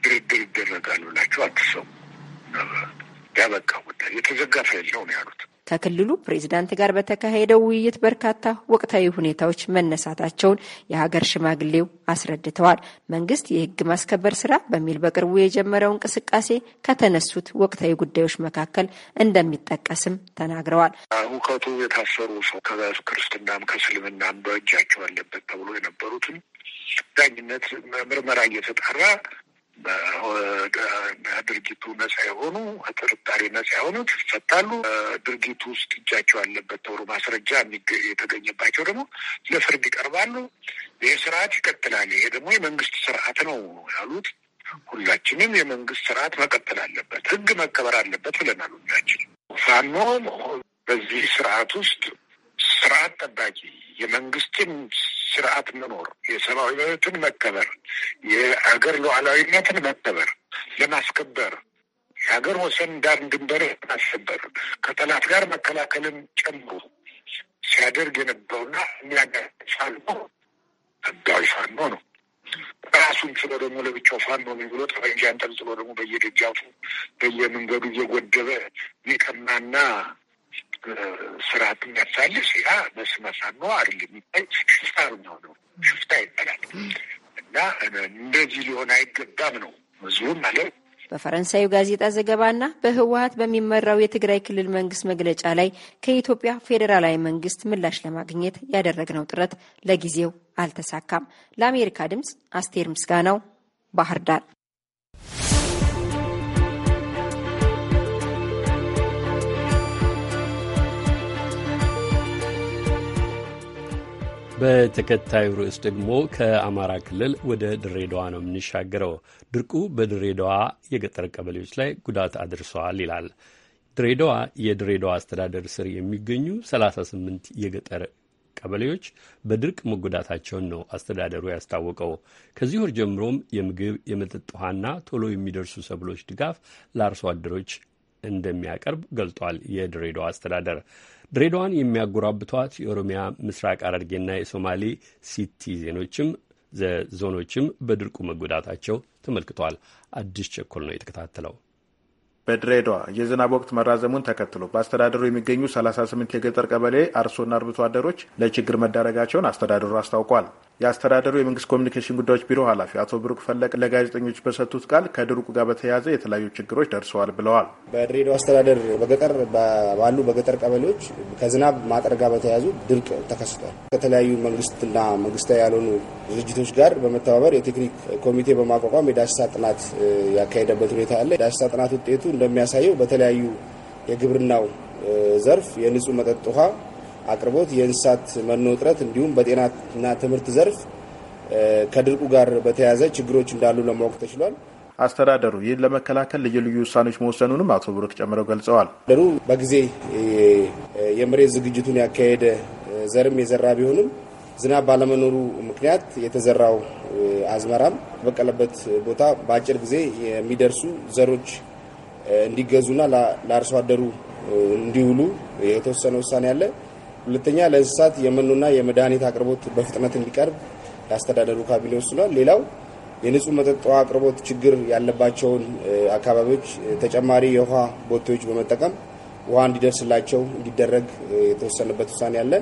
ድርድር ይደረጋል ብላችሁ አትሰሙ ኢትዮጵያ በቃ ጉዳይ የተዘጋ ፋይል ነው ያሉት። ከክልሉ ፕሬዚዳንት ጋር በተካሄደው ውይይት በርካታ ወቅታዊ ሁኔታዎች መነሳታቸውን የሀገር ሽማግሌው አስረድተዋል። መንግስት የህግ ማስከበር ስራ በሚል በቅርቡ የጀመረው እንቅስቃሴ ከተነሱት ወቅታዊ ጉዳዮች መካከል እንደሚጠቀስም ተናግረዋል። ሁከቱ የታሰሩ ሰው ከክርስትናም ከእስልምናም በእጃቸው አለበት ተብሎ የነበሩትን ዳኝነት ምርመራ እየተጣራ በድርጊቱ ነጻ የሆኑ ጥርጣሬ ነጻ የሆኑት ይፈታሉ። ድርጊቱ ውስጥ እጃቸው አለበት ተብሎ ማስረጃ የተገኘባቸው ደግሞ ለፍርድ ይቀርባሉ። ይህ ስርዓት ይቀጥላል። ይሄ ደግሞ የመንግስት ስርዓት ነው ያሉት። ሁላችንም የመንግስት ስርዓት መቀጠል አለበት፣ ህግ መከበር አለበት ብለናል። ሁላችን ፋኖ በዚህ ስርዓት ውስጥ ስርዓት ጠባቂ የመንግስትን ስርዓት መኖር፣ የሰብአዊ መብትን መከበር፣ የአገር ሉዓላዊነትን መከበር ለማስከበር የሀገር ወሰን ዳር ድንበር ማስከበር ከጠላት ጋር መከላከልን ጨምሮ ሲያደርግ የነበረውና የሚያደርግ ፋኖ ህጋዊ ፋኖ ነው። ራሱን ችሎ ደግሞ ለብቻው ፋኖ ነው ብሎ ጠመንጃ አንጠልጥሎ ደግሞ በየደጃፉ በየመንገዱ እየጎደበ ሚቀናና ስርዓት የሚያሳልፍ ያ በስመሳኖ አይደል የሚታይ ሽፍታር ነው ነው ሽፍታ ይባላል እና እንደዚህ ሊሆን አይገባም ነው ብዙም ማለት በፈረንሳዩ ጋዜጣ ዘገባና በህወሀት በሚመራው የትግራይ ክልል መንግስት መግለጫ ላይ ከኢትዮጵያ ፌዴራላዊ መንግስት ምላሽ ለማግኘት ያደረግነው ጥረት ለጊዜው አልተሳካም። ለአሜሪካ ድምፅ አስቴር ምስጋናው ባህር ዳር በተከታዩ ርዕስ ደግሞ ከአማራ ክልል ወደ ድሬዳዋ ነው የምንሻገረው። ድርቁ በድሬዳዋ የገጠር ቀበሌዎች ላይ ጉዳት አድርሰዋል ይላል። ድሬዳዋ የድሬዳዋ አስተዳደር ስር የሚገኙ 38 የገጠር ቀበሌዎች በድርቅ መጎዳታቸውን ነው አስተዳደሩ ያስታወቀው። ከዚህ ወር ጀምሮም የምግብ የመጠጥ ውሃና ቶሎ የሚደርሱ ሰብሎች ድጋፍ ለአርሶ አደሮች እንደሚያቀርብ ገልጧል። የድሬዳዋ አስተዳደር ድሬዳዋን የሚያጎራብቷት የኦሮሚያ ምስራቅ ሐረርጌና የሶማሌ ሲቲ ዜኖችም ዞኖችም በድርቁ መጎዳታቸው ተመልክቷል። አዲስ ቸኮል ነው የተከታተለው። በድሬዳዋ የዝናብ ወቅት መራዘሙን ተከትሎ በአስተዳደሩ የሚገኙ 38 የገጠር ቀበሌ አርሶና አርብቶ አደሮች ለችግር መዳረጋቸውን አስተዳደሩ አስታውቋል። የአስተዳደሩ የመንግስት ኮሚኒኬሽን ጉዳዮች ቢሮ ኃላፊ አቶ ብሩክ ፈለቅ ለጋዜጠኞች በሰጡት ቃል ከድርቁ ጋር በተያያዘ የተለያዩ ችግሮች ደርሰዋል ብለዋል። በድሬዳዋ አስተዳደር በገጠር ባሉ በገጠር ቀበሌዎች ከዝናብ ማጠር ጋር በተያያዙ ድርቅ ተከስቷል። ከተለያዩ መንግስትና መንግስታዊ ያልሆኑ ድርጅቶች ጋር በመተባበር የቴክኒክ ኮሚቴ በማቋቋም የዳሰሳ ጥናት ያካሄደበት ሁኔታ አለ። የዳሰሳ ጥናት ውጤቱ እንደሚያሳየው በተለያዩ የግብርናው ዘርፍ የንጹህ መጠጥ ውሃ አቅርቦት፣ የእንስሳት መኖ እጥረት እንዲሁም በጤናና ትምህርት ዘርፍ ከድርቁ ጋር በተያያዘ ችግሮች እንዳሉ ለማወቅ ተችሏል። አስተዳደሩ ይህን ለመከላከል ልዩ ልዩ ውሳኔዎች መወሰኑንም አቶ ብሩክ ጨምረው ገልጸዋል። ደሩ በጊዜ የመሬት ዝግጅቱን ያካሄደ ዘርም የዘራ ቢሆንም ዝናብ ባለመኖሩ ምክንያት የተዘራው አዝመራም በቀለበት ቦታ በአጭር ጊዜ የሚደርሱ ዘሮች እንዲገዙና ለአርሶ አደሩ እንዲውሉ የተወሰነ ውሳኔ አለ። ሁለተኛ ለእንስሳት የመኖና የመድኃኒት አቅርቦት በፍጥነት እንዲቀርብ ያስተዳደሩ ካቢኔ ወስኗል። ሌላው የንጹህ መጠጥ ውሃ አቅርቦት ችግር ያለባቸውን አካባቢዎች ተጨማሪ የውሃ ቦቴዎች በመጠቀም ውሃ እንዲደርስላቸው እንዲደረግ የተወሰነበት ውሳኔ አለ።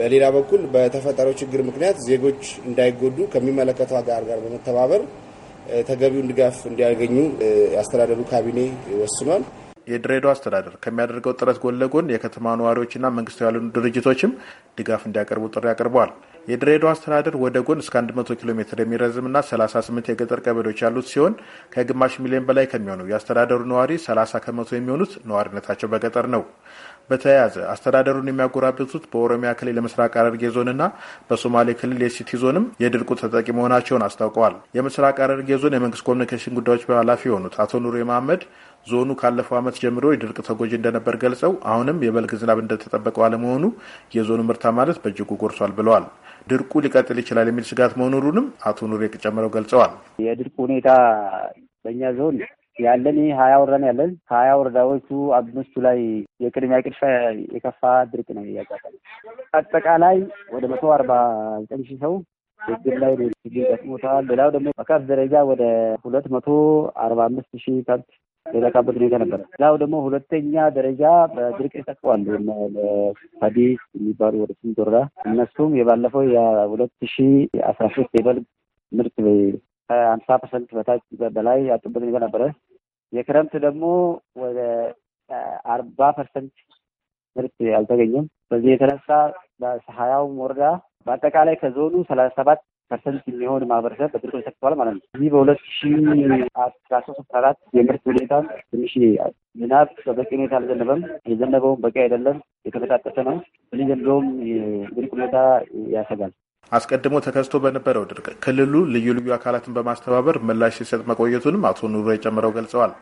በሌላ በኩል በተፈጠረው ችግር ምክንያት ዜጎች እንዳይጎዱ ከሚመለከተው ጋር ጋር በመተባበር ተገቢውን ድጋፍ እንዲያገኙ ያስተዳደሩ ካቢኔ ወስኗል። የድሬዳዋ አስተዳደር ከሚያደርገው ጥረት ጎን ለጎን የከተማ ነዋሪዎችና መንግስታዊ ያልሆኑ ድርጅቶችም ድጋፍ እንዲያቀርቡ ጥሪ አቅርበዋል። የድሬዳዋ አስተዳደር ወደ ጎን እስከ 100 ኪሎ ሜትር የሚረዝምና 38 የገጠር ቀበሌዎች ያሉት ሲሆን ከግማሽ ሚሊዮን በላይ ከሚሆኑ የአስተዳደሩ ነዋሪ 30 ከመቶ የሚሆኑት ነዋሪነታቸው በገጠር ነው። በተያያዘ አስተዳደሩን የሚያጎራብቱት በኦሮሚያ ክልል የምስራቅ ሐረርጌ ዞንና በሶማሌ ክልል የሲቲ ዞንም የድርቁ ተጠቂ መሆናቸውን አስታውቀዋል። የምስራቅ ሐረርጌ ዞን የመንግስት ኮሚኒኬሽን ጉዳዮች ኃላፊ የሆኑት አቶ ኑሬ መሀመድ ዞኑ ካለፈው ዓመት ጀምሮ የድርቅ ተጎጂ እንደነበር ገልጸው አሁንም የበልግ ዝናብ እንደተጠበቀው አለመሆኑ የዞኑ ምርታ ማለት በእጅጉ ጎርሷል ብለዋል። ድርቁ ሊቀጥል ይችላል የሚል ስጋት መኖሩንም አቶ ኑሬቅ ጨምረው ገልጸዋል። የድርቁ ሁኔታ በእኛ ዞን ያለን ይህ ሀያ ወረዳ ነው ያለን። ከሀያ ወረዳዎቹ አምስቱ ላይ የቅድሚያ ቅድፈ የከፋ ድርቅ ነው እያጋጠመ አጠቃላይ ወደ መቶ አርባ ዘጠኝ ሺህ ሰው ችግር ላይ ችግር ገጥሞታል። ሌላው ደግሞ በከብት ደረጃ ወደ ሁለት መቶ አርባ አምስት ሺህ ከብት የጠቃበት ሁኔታ ነበር። ያው ደግሞ ሁለተኛ ደረጃ በድርቅ ተጠቅተዋል። ሀዲስ የሚባሉ ወደ ስምንት ወረዳ እነሱም የባለፈው የሁለት ሺ አስራ ሶስት የበልግ ምርት ከሀምሳ ፐርሰንት በታች በላይ ያጡበት ሁኔታ ነበረ። የክረምት ደግሞ ወደ አርባ ፐርሰንት ምርት አልተገኘም። በዚህ የተነሳ በሀያውም ወረዳ በአጠቃላይ ከዞኑ ሰላሳ ሰባት ፐርሰንት የሚሆን ማህበረሰብ በድርቅ ተሰክተዋል ማለት ነው። ይህ በሁለት ሺ አስራ ሶስት አስራ አራት የምርት ሁኔታ ትንሽ ዝናብ በበቂ ሁኔታ አልዘነበም። የዘነበውም በቂ አይደለም፣ የተበጣጠሰ ነው። ስለዚህ ዘንድሮም የድርቅ ሁኔታ ያሰጋል። አስቀድሞ ተከስቶ በነበረው ድርቅ ክልሉ ልዩ ልዩ አካላትን በማስተባበር ምላሽ ሲሰጥ መቆየቱንም አቶ ኑሮ ጨምረው ገልጸዋል።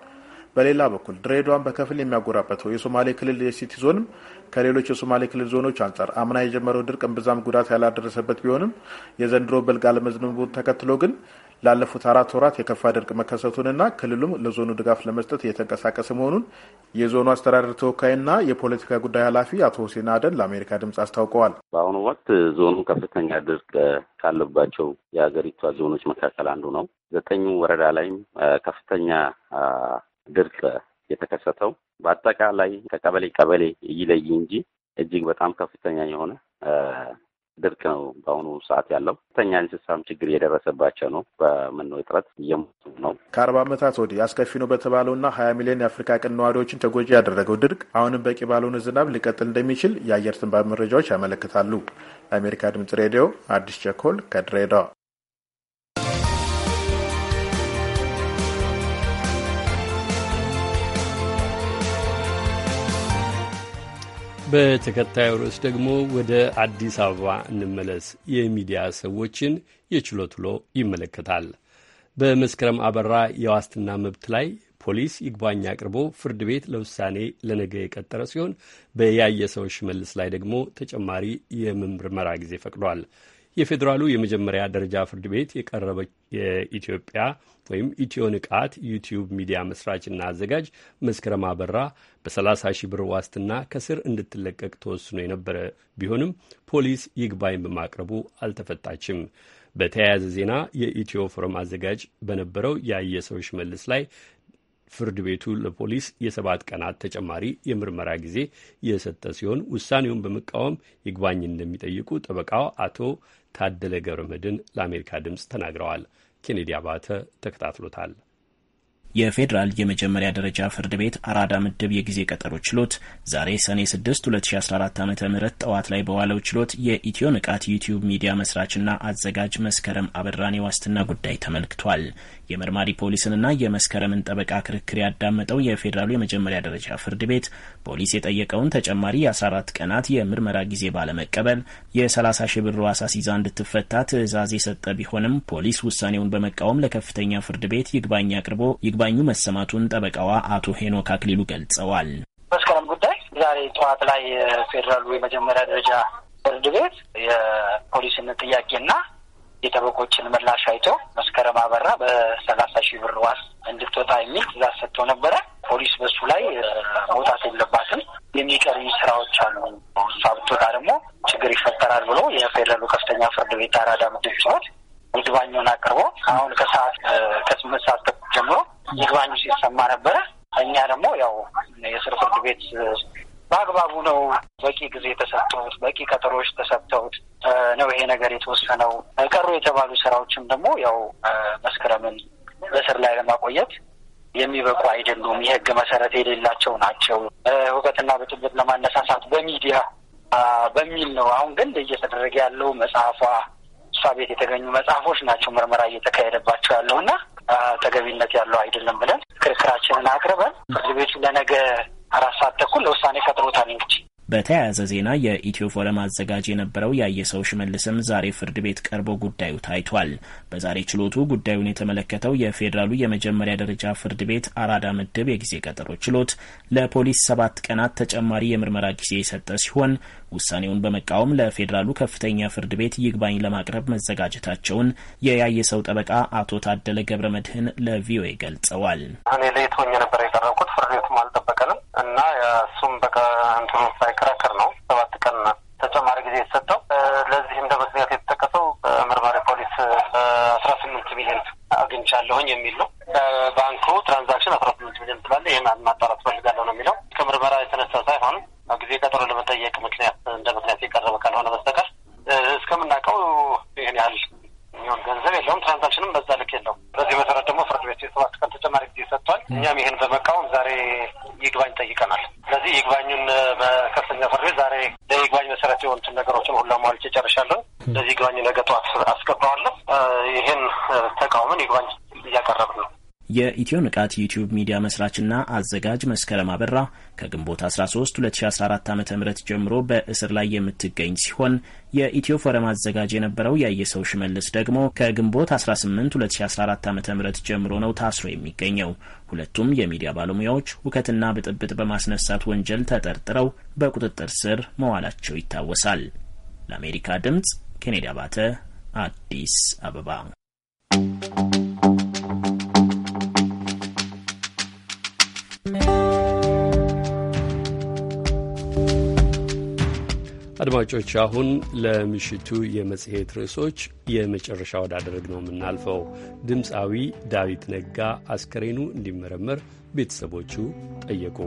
በሌላ በኩል ድሬዳዋን በከፊል የሚያጎራበተው የሶማሌ ክልል የሲቲ ዞንም ከሌሎች የሶማሌ ክልል ዞኖች አንጻር አምና የጀመረው ድርቅ እምብዛም ጉዳት ያላደረሰበት ቢሆንም የዘንድሮ በልግ አለመዝነቡን ተከትሎ ግን ላለፉት አራት ወራት የከፋ ድርቅ መከሰቱንና ክልሉም ለዞኑ ድጋፍ ለመስጠት እየተንቀሳቀሰ መሆኑን የዞኑ አስተዳደር ተወካይና የፖለቲካ ጉዳይ ኃላፊ አቶ ሁሴን አደን ለአሜሪካ ድምፅ አስታውቀዋል። በአሁኑ ወቅት ዞኑ ከፍተኛ ድርቅ ካለባቸው የሀገሪቷ ዞኖች መካከል አንዱ ነው። ዘጠኙ ወረዳ ላይም ከፍተኛ ድርቅ የተከሰተው በአጠቃላይ ከቀበሌ ቀበሌ ይለይ እንጂ እጅግ በጣም ከፍተኛ የሆነ ድርቅ ነው በአሁኑ ሰዓት ያለው። ከፍተኛ እንስሳም ችግር እየደረሰባቸው ነው። በመኖ እጥረት እየሞቱ ነው። ከአርባ ዓመታት ወዲህ አስከፊ ነው በተባለውና ሀያ ሚሊዮን የአፍሪካ ቀንድ ነዋሪዎችን ተጎጂ ያደረገው ድርቅ አሁንም በቂ ባልሆነ ዝናብ ሊቀጥል እንደሚችል የአየር ትንባብ መረጃዎች ያመለክታሉ። ለአሜሪካ ድምጽ ሬዲዮ አዲስ ቸኮል ከድሬዳዋ በተከታዩ ርዕስ ደግሞ ወደ አዲስ አበባ እንመለስ። የሚዲያ ሰዎችን የችሎት ውሎ ይመለከታል። በመስከረም አበራ የዋስትና መብት ላይ ፖሊስ ይግባኝ አቅርቦ ፍርድ ቤት ለውሳኔ ለነገ የቀጠረ ሲሆን በያየሰው ሽመልስ ላይ ደግሞ ተጨማሪ የምርመራ ጊዜ ፈቅዷል። የፌዴራሉ የመጀመሪያ ደረጃ ፍርድ ቤት የቀረበ የኢትዮጵያ ወይም ኢትዮ ንቃት ዩቲዩብ ሚዲያ መስራችና አዘጋጅ መስከረም አበራ በ30 ሺህ ብር ዋስትና ከስር እንድትለቀቅ ተወስኖ የነበረ ቢሆንም ፖሊስ ይግባኝ በማቅረቡ አልተፈታችም። በተያያዘ ዜና የኢትዮ ፎረም አዘጋጅ በነበረው የአየሰው ሽመልስ ላይ ፍርድ ቤቱ ለፖሊስ የሰባት ቀናት ተጨማሪ የምርመራ ጊዜ የሰጠ ሲሆን ውሳኔውን በመቃወም ይግባኝ እንደሚጠይቁ ጠበቃው አቶ ታደለ ገብረ መድን ለአሜሪካ ድምፅ ተናግረዋል። ኬኔዲ አባተ ተከታትሎታል። የፌዴራል የመጀመሪያ ደረጃ ፍርድ ቤት አራዳ ምድብ የጊዜ ቀጠሮ ችሎት ዛሬ ሰኔ 6 2014 ዓ ም ጠዋት ላይ በዋለው ችሎት የኢትዮ ንቃት ዩቲዩብ ሚዲያ መስራችና አዘጋጅ መስከረም አበራን የዋስትና ጉዳይ ተመልክቷል። የመርማሪ ፖሊስንና የመስከረምን ጠበቃ ክርክር ያዳመጠው የፌዴራሉ የመጀመሪያ ደረጃ ፍርድ ቤት ፖሊስ የጠየቀውን ተጨማሪ የ14 ቀናት የምርመራ ጊዜ ባለመቀበል የ30 ብር ዋስ አስይዛ እንድትፈታ ትዕዛዝ የሰጠ ቢሆንም ፖሊስ ውሳኔውን በመቃወም ለከፍተኛ ፍርድ ቤት ይግባኝ አቅርቦ ይግባ በአይኑ መሰማቱን ጠበቃዋ አቶ ሄኖክ አክሊሉ ገልጸዋል። መስከረም ጉዳይ ዛሬ ጠዋት ላይ ፌዴራሉ የመጀመሪያ ደረጃ ፍርድ ቤት የፖሊስን ጥያቄና የተበቆችን ምላሽ አይቶ መስከረም አበራ በሰላሳ ሺህ ብር ዋስ እንድትወጣ የሚል ትእዛዝ ሰጥቶ ነበረ። ፖሊስ በሱ ላይ መውጣት የለባትም የሚቀሩ ስራዎች አሉ፣ እሷ ብትወጣ ደግሞ ችግር ይፈጠራል ብሎ የፌዴራሉ ከፍተኛ ፍርድ ቤት አራዳ ምድብ ችሎት ይግባኙን አቅርቦ አሁን ከሰዓት ከስምንት ሰዓት ጀምሮ ይግባኝ ሲሰማ ነበረ። እኛ ደግሞ ያው የስር ፍርድ ቤት በአግባቡ ነው በቂ ጊዜ ተሰጥተውት በቂ ቀጠሮዎች ተሰጥተውት ነው ይሄ ነገር የተወሰነው። ቀሩ የተባሉ ስራዎችም ደግሞ ያው መስከረምን በስር ላይ ለማቆየት የሚበቁ አይደሉም፣ የህግ መሰረት የሌላቸው ናቸው፣ እውቀትና ብጥብጥ ለማነሳሳት በሚዲያ በሚል ነው። አሁን ግን እየተደረገ ያለው መጽሐፏ እሷ ቤት የተገኙ መጽሐፎች ናቸው ምርመራ እየተካሄደባቸው ያለው እና ተገቢነት ያለው አይደለም ብለን ክርክራችንን አቅርበን ፍርድ ቤቱ ለነገ አራት ሰዓት ተኩል ለውሳኔ ቀጥሮታል። እንግዲህ በተያያዘ ዜና የኢትዮ ፎረም አዘጋጅ የነበረው ያየሰው ሽመልስም ዛሬ ፍርድ ቤት ቀርቦ ጉዳዩ ታይቷል። በዛሬ ችሎቱ ጉዳዩን የተመለከተው የፌዴራሉ የመጀመሪያ ደረጃ ፍርድ ቤት አራዳ ምድብ የጊዜ ቀጠሮ ችሎት ለፖሊስ ሰባት ቀናት ተጨማሪ የምርመራ ጊዜ የሰጠ ሲሆን ውሳኔውን በመቃወም ለፌዴራሉ ከፍተኛ ፍርድ ቤት ይግባኝ ለማቅረብ መዘጋጀታቸውን የያየሰው ጠበቃ አቶ ታደለ ገብረ መድህን ለቪኦኤ ገልጸዋል። እኔ ለየት ሆኜ ነበር የቀረብኩት። ፍርድ ቤቱም አልጠበቀንም እና እሱም በቃ የኢትዮ ንቃት ዩቲዩብ ሚዲያ መስራችና አዘጋጅ መስከረም አበራ ከግንቦት 13 2014 ዓ ም ጀምሮ በእስር ላይ የምትገኝ ሲሆን የኢትዮ ፎረም አዘጋጅ የነበረው ያየሰው ሽመልስ ደግሞ ከግንቦት 18 2014 ዓ ም ጀምሮ ነው ታስሮ የሚገኘው። ሁለቱም የሚዲያ ባለሙያዎች ሁከትና ብጥብጥ በማስነሳት ወንጀል ተጠርጥረው በቁጥጥር ስር መዋላቸው ይታወሳል። ለአሜሪካ ድምፅ ኬኔዲ አባተ አዲስ አበባ አድማጮች አሁን ለምሽቱ የመጽሔት ርዕሶች የመጨረሻ ወዳደረግ ነው የምናልፈው። ድምፃዊ ዳዊት ነጋ አስከሬኑ እንዲመረመር ቤተሰቦቹ ጠየቁ።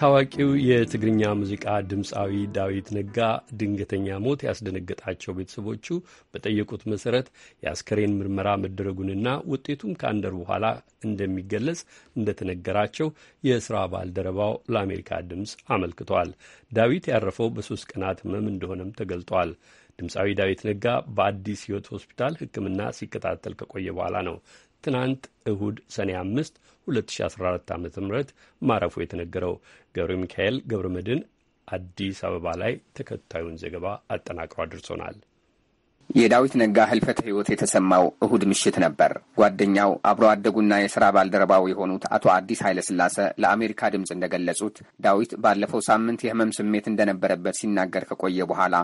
ታዋቂው የትግርኛ ሙዚቃ ድምፃዊ ዳዊት ነጋ ድንገተኛ ሞት ያስደነገጣቸው ቤተሰቦቹ በጠየቁት መሰረት የአስከሬን ምርመራ መደረጉንና ውጤቱም ከአንድ ወር በኋላ እንደሚገለጽ እንደተነገራቸው የስራ ባልደረባው ለአሜሪካ ድምፅ አመልክቷል። ዳዊት ያረፈው በሶስት ቀናት ህመም እንደሆነም ተገልጧል። ድምፃዊ ዳዊት ነጋ በአዲስ ህይወት ሆስፒታል ሕክምና ሲከታተል ከቆየ በኋላ ነው ትናንት እሁድ ሰኔ አምስት 2014 ዓ ም ማረፉ የተነገረው ገብረ ሚካኤል ገብረ መድን አዲስ አበባ ላይ ተከታዩን ዘገባ አጠናቅሮ አድርሶናል። የዳዊት ነጋ ህልፈተ ህይወት የተሰማው እሁድ ምሽት ነበር። ጓደኛው አብሮ አደጉና የሥራ ባልደረባው የሆኑት አቶ አዲስ ኃይለሥላሴ ለአሜሪካ ድምፅ እንደገለጹት ዳዊት ባለፈው ሳምንት የህመም ስሜት እንደነበረበት ሲናገር ከቆየ በኋላ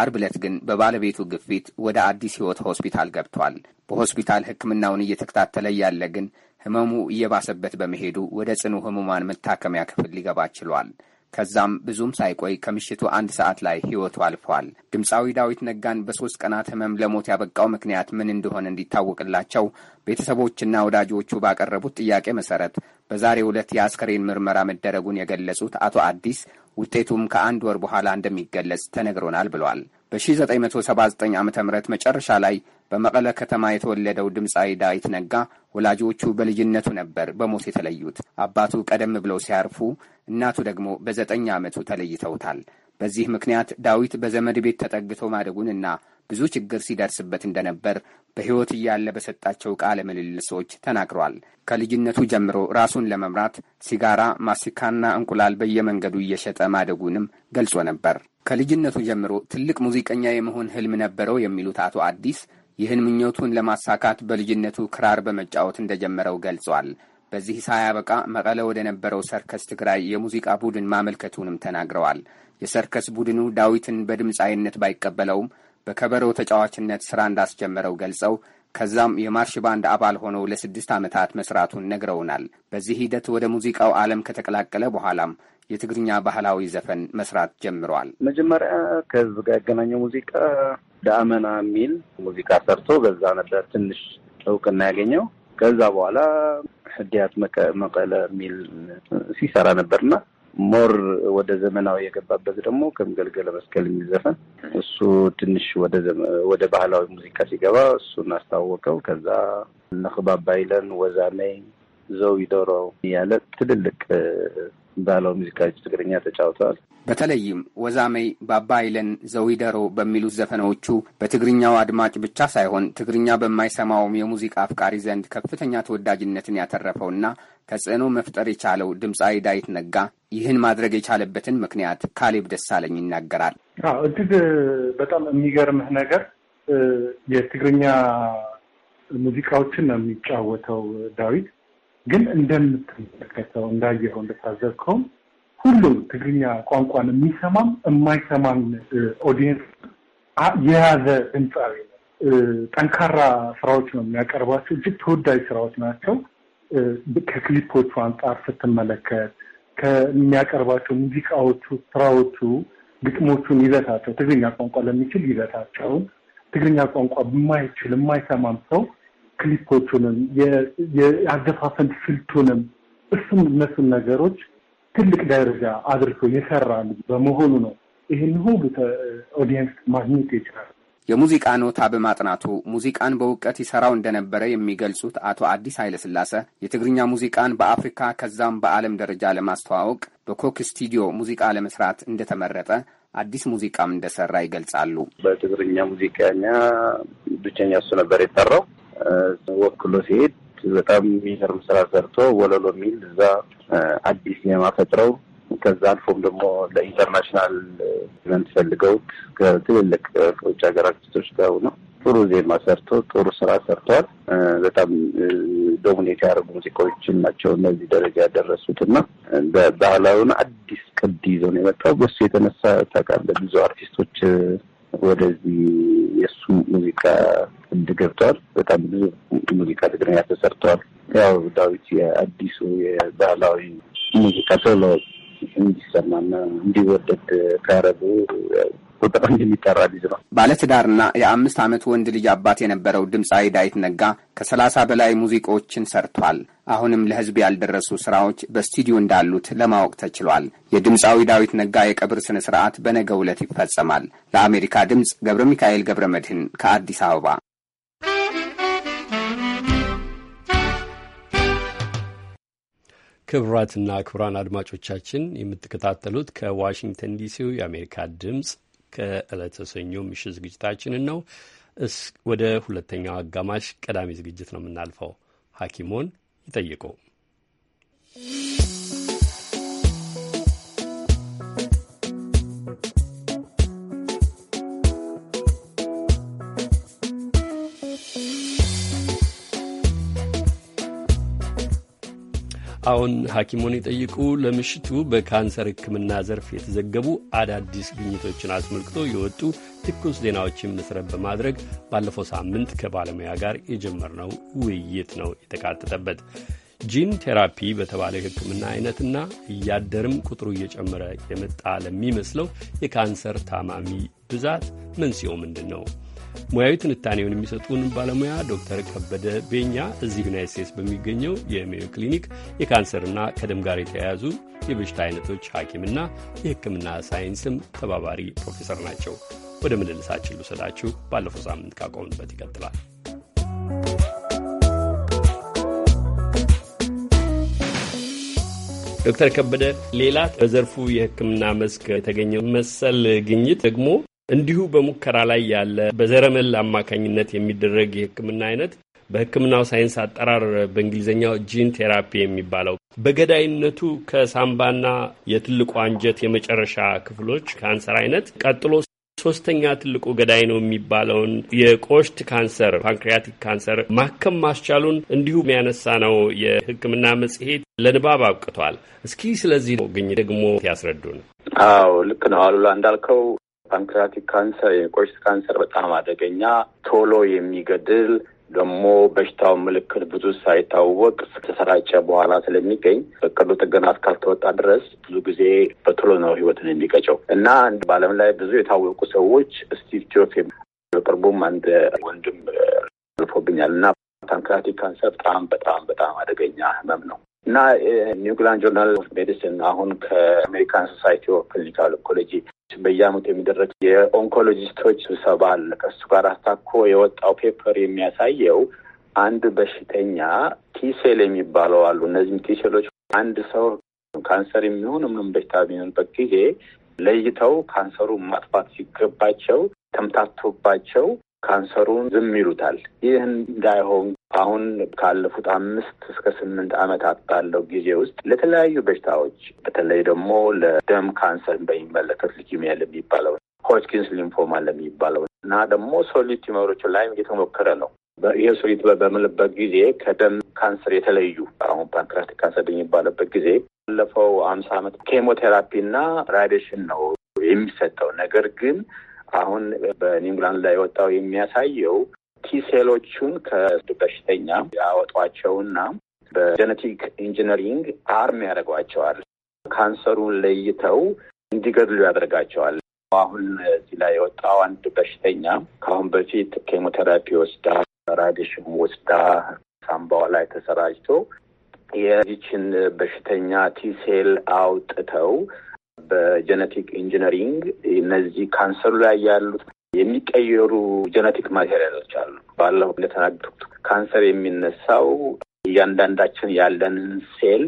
አርብ ዕለት ግን በባለቤቱ ግፊት ወደ አዲስ ሕይወት ሆስፒታል ገብቷል። በሆስፒታል ሕክምናውን እየተከታተለ ያለ ግን ህመሙ እየባሰበት በመሄዱ ወደ ጽኑ ህሙማን መታከሚያ ክፍል ሊገባ ችሏል። ከዛም ብዙም ሳይቆይ ከምሽቱ አንድ ሰዓት ላይ ሕይወቱ አልፏል። ድምፃዊ ዳዊት ነጋን በሶስት ቀናት ህመም ለሞት ያበቃው ምክንያት ምን እንደሆነ እንዲታወቅላቸው ቤተሰቦችና ወዳጆቹ ባቀረቡት ጥያቄ መሰረት በዛሬ ዕለት የአስከሬን ምርመራ መደረጉን የገለጹት አቶ አዲስ ውጤቱም ከአንድ ወር በኋላ እንደሚገለጽ ተነግሮናል ብሏል። በ1979 ዓ ም መጨረሻ ላይ በመቀለ ከተማ የተወለደው ድምፃዊ ዳዊት ነጋ ወላጆቹ በልጅነቱ ነበር በሞት የተለዩት። አባቱ ቀደም ብለው ሲያርፉ፣ እናቱ ደግሞ በዘጠኝ ዓመቱ ተለይተውታል። በዚህ ምክንያት ዳዊት በዘመድ ቤት ተጠግቶ ማደጉንና ብዙ ችግር ሲደርስበት እንደነበር በሕይወት እያለ በሰጣቸው ቃለ ምልልሶች ተናግሯል። ከልጅነቱ ጀምሮ ራሱን ለመምራት ሲጋራ፣ ማስቲካና እንቁላል በየመንገዱ እየሸጠ ማደጉንም ገልጾ ነበር። ከልጅነቱ ጀምሮ ትልቅ ሙዚቀኛ የመሆን ህልም ነበረው የሚሉት አቶ አዲስ ይህን ምኞቱን ለማሳካት በልጅነቱ ክራር በመጫወት እንደጀመረው ገልጿል። በዚህ ሳያበቃ መቀለ ወደ ነበረው ሰርከስ ትግራይ የሙዚቃ ቡድን ማመልከቱንም ተናግረዋል። የሰርከስ ቡድኑ ዳዊትን በድምፃዊነት ባይቀበለውም በከበሮ ተጫዋችነት ሥራ እንዳስጀመረው ገልጸው ከዛም የማርሽ ባንድ አባል ሆኖ ለስድስት ዓመታት መስራቱን ነግረውናል። በዚህ ሂደት ወደ ሙዚቃው ዓለም ከተቀላቀለ በኋላም የትግርኛ ባህላዊ ዘፈን መስራት ጀምረዋል። መጀመሪያ ከህዝብ ጋር ያገናኘው ሙዚቃ ዳመና የሚል ሙዚቃ ሰርቶ በዛ ነበር ትንሽ እውቅና ያገኘው። ከዛ በኋላ ህዲያት መቀለ የሚል ሲሰራ ነበርና ሞር ወደ ዘመናዊ የገባበት ደግሞ ከምገልገለ መስቀል የሚዘፈን እሱ ትንሽ ወደ ባህላዊ ሙዚቃ ሲገባ እሱን አስታወቀው። ከዛ ነክባባይለን ይለን ወዛሜ ዘው ይዶሮ እያለ ትልልቅ ባህላዊ ሙዚቃዎች ትግርኛ ተጫውተዋል። በተለይም ወዛመይ፣ ባባይለን ዘዊደሮ በሚሉት ዘፈኖቹ በትግርኛው አድማጭ ብቻ ሳይሆን ትግርኛ በማይሰማውም የሙዚቃ አፍቃሪ ዘንድ ከፍተኛ ተወዳጅነትን ያተረፈውና ተጽዕኖ መፍጠር የቻለው ድምፃዊ ዳዊት ነጋ ይህን ማድረግ የቻለበትን ምክንያት ካሌብ ደሳለኝ ይናገራል። እጅግ በጣም የሚገርምህ ነገር የትግርኛ ሙዚቃዎችን ነው የሚጫወተው ዳዊት ግን እንደምትመለከተው እንዳየኸው እንደታዘብከውም ሁሉም ትግርኛ ቋንቋን የሚሰማም የማይሰማም ኦዲየንስ የያዘ ድምፃዊ ጠንካራ ስራዎች ነው የሚያቀርባቸው። እጅግ ተወዳጅ ስራዎች ናቸው። ከክሊፖቹ አንጻር ስትመለከት ከሚያቀርባቸው ሙዚቃዎቹ፣ ስራዎቹ፣ ግጥሞቹን፣ ይዘታቸው ትግርኛ ቋንቋ ለሚችል ይዘታቸው ትግርኛ ቋንቋ የማይችል የማይሰማም ሰው ክሊፖቹንም የአገፋፈን ስልቱንም እሱም እነሱን ነገሮች ትልቅ ደረጃ አድርሶ የሰራ ልጅ በመሆኑ ነው ይህን ሁሉ ኦዲየንስ ማግኘት ይችላል። የሙዚቃ ኖታ በማጥናቱ ሙዚቃን በእውቀት ይሰራው እንደነበረ የሚገልጹት አቶ አዲስ ኃይለስላሰ የትግርኛ ሙዚቃን በአፍሪካ ከዛም በዓለም ደረጃ ለማስተዋወቅ በኮክ ስቱዲዮ ሙዚቃ ለመስራት እንደተመረጠ አዲስ ሙዚቃም እንደሰራ ይገልጻሉ። በትግርኛ ሙዚቃኛ ብቸኛ እሱ ነበር የሰራው። ወክሎ ሲሄድ በጣም የሚገርም ስራ ሰርቶ ወለሎ የሚል እዛ አዲስ ኔማ ፈጥረው ከዛ አልፎም ደግሞ ለኢንተርናሽናል ኢቨንት ፈልገውት ከትልልቅ ከውጭ ሀገር አርቲስቶች ጋር ነው ጥሩ ዜማ ሰርቶ ጥሩ ስራ ሰርተዋል። በጣም ዶሚኔት ያደረጉ ሙዚቃዎችን ናቸው እነዚህ ደረጃ ያደረሱት እና ባህላዊውን አዲስ ቅድ ይዞ ነው የመጣው። በሱ የተነሳ ታውቃለህ ብዙ አርቲስቶች ወደዚህ የእሱ ሙዚቃ ገብቷል በጣም ብዙ ሙዚቃ ትግርኛ ተሰርተዋል። ያው ዳዊት የአዲሱ የባህላዊ ሙዚቃ ተብሎ እንዲሰማና እንዲወደድ ካረጉ ቁጥር የሚጠራ ልጅ ነው። ባለትዳርና የአምስት ዓመት ወንድ ልጅ አባት የነበረው ድምፃዊ ዳዊት ነጋ ከሰላሳ በላይ ሙዚቃዎችን ሰርቷል። አሁንም ለህዝብ ያልደረሱ ስራዎች በስቱዲዮ እንዳሉት ለማወቅ ተችሏል። የድምፃዊ ዳዊት ነጋ የቀብር ስነ ስርዓት በነገ ዕለት ይፈጸማል። ለአሜሪካ ድምፅ ገብረ ሚካኤል ገብረ መድህን ከአዲስ አበባ ክቡራትና ክቡራን አድማጮቻችን የምትከታተሉት ከዋሽንግተን ዲሲው የአሜሪካ ድምፅ ከዕለተ ሰኞ ምሽት ዝግጅታችንን ነው። ወደ ሁለተኛው አጋማሽ ቀዳሚ ዝግጅት ነው የምናልፈው። ሐኪሞን ይጠይቁ አሁን ሐኪሙን ይጠይቁ ለምሽቱ በካንሰር ሕክምና ዘርፍ የተዘገቡ አዳዲስ ግኝቶችን አስመልክቶ የወጡ ትኩስ ዜናዎችን መሰረት በማድረግ ባለፈው ሳምንት ከባለሙያ ጋር የጀመርነው ውይይት ነው የተካተተበት። ጂን ቴራፒ በተባለ የሕክምና አይነትና እያደርም ቁጥሩ እየጨመረ የመጣ ለሚመስለው የካንሰር ታማሚ ብዛት መንስኤው ምንድን ነው? ሙያዊ ትንታኔውን የሚሰጡን ባለሙያ ዶክተር ከበደ ቤኛ እዚህ ዩናይት ስቴትስ በሚገኘው የሜዮ ክሊኒክ የካንሰርና ከደም ጋር የተያያዙ የበሽታ አይነቶች ሐኪምና የሕክምና ሳይንስም ተባባሪ ፕሮፌሰር ናቸው። ወደ ምልልሳችን ልውሰዳችሁ። ባለፈው ሳምንት ካቆምንበት ይቀጥላል። ዶክተር ከበደ ሌላ በዘርፉ የህክምና መስክ የተገኘ መሰል ግኝት ደግሞ እንዲሁ በሙከራ ላይ ያለ በዘረመል አማካኝነት የሚደረግ የህክምና አይነት በህክምናው ሳይንስ አጠራር በእንግሊዝኛው ጂን ቴራፒ የሚባለው በገዳይነቱ ከሳምባና የትልቁ አንጀት የመጨረሻ ክፍሎች ካንሰር አይነት ቀጥሎ ሶስተኛ ትልቁ ገዳይ ነው የሚባለውን የቆሽት ካንሰር ፓንክሪያቲክ ካንሰር ማከም ማስቻሉን እንዲሁ የሚያነሳ ነው የህክምና መጽሔት ለንባብ አብቅቷል። እስኪ ስለዚህ ግኝ ደግሞ ያስረዱን። አዎ ልክ ነው አሉላ እንዳልከው ፓንክራቲክ ካንሰር፣ የቆሽት ካንሰር በጣም አደገኛ ቶሎ የሚገድል ደግሞ በሽታው ምልክት ብዙ ሳይታወቅ ከተሰራጨ በኋላ ስለሚገኝ በቀዶ ጥገና እስካልተወጣ ድረስ ብዙ ጊዜ በቶሎ ነው ህይወትን የሚቀጨው እና በዓለም ላይ ብዙ የታወቁ ሰዎች ስቲቭ ጆፍ በቅርቡም አንድ ወንድም አልፎብኛል እና ፓንክራቲክ ካንሰር በጣም በጣም በጣም አደገኛ ህመም ነው እና ኒውግላንድ ጆርናል ኦፍ ሜዲሲን አሁን ከአሜሪካን ሶሳይቲ ኦፍ ክሊኒካል ኢኮሎጂ በየአመቱ የሚደረግ የኦንኮሎጂስቶች ስብሰባ አለ። ከሱ ጋር አስታኮ የወጣው ፔፐር የሚያሳየው አንድ በሽተኛ ቲሴል የሚባለው አሉ። እነዚህም ቲሴሎች አንድ ሰው ካንሰር የሚሆን ምንም በሽታ ቢሆንበት ጊዜ ለይተው ካንሰሩን ማጥፋት ሲገባቸው ተምታቶባቸው ካንሰሩን ዝም ይሉታል። ይህ እንዳይሆን አሁን ካለፉት አምስት እስከ ስምንት ዓመታት ባለው ጊዜ ውስጥ ለተለያዩ በሽታዎች በተለይ ደግሞ ለደም ካንሰር በሚመለከት ሊኪሚያ ለሚባለው ሆችኪንስ ሊምፎማ ለሚባለው እና ደግሞ ሶሊድ ቲመሮች ላይም እየተሞከረ ነው። ይህ ሶሊድ በምልበት ጊዜ ከደም ካንሰር የተለዩ አሁን ፓንክራቲክ ካንሰር በሚባለበት ጊዜ ባለፈው አምሳ ዓመት ኬሞቴራፒ እና ራዲሽን ነው የሚሰጠው ነገር ግን አሁን በኒውዚላንድ ላይ የወጣው የሚያሳየው ቲሴሎቹን በሽተኛ ያወጧቸውና በጀነቲክ ኢንጂነሪንግ አርም ያደርጓቸዋል። ካንሰሩን ለይተው እንዲገድሉ ያደርጋቸዋል። አሁን እዚህ ላይ የወጣው አንድ በሽተኛ ከአሁን በፊት ኬሞቴራፒ ወስዳ ራዲሽን ወስዳ ሳምባዋ ላይ ተሰራጅቶ የዚችን በሽተኛ ቲሴል አውጥተው በጀነቲክ ኢንጂነሪንግ እነዚህ ካንሰሩ ላይ ያሉት የሚቀየሩ ጀነቲክ ማቴሪያሎች አሉ። ባለፈው እንደተናገርኩት ካንሰር የሚነሳው እያንዳንዳችን ያለንን ሴል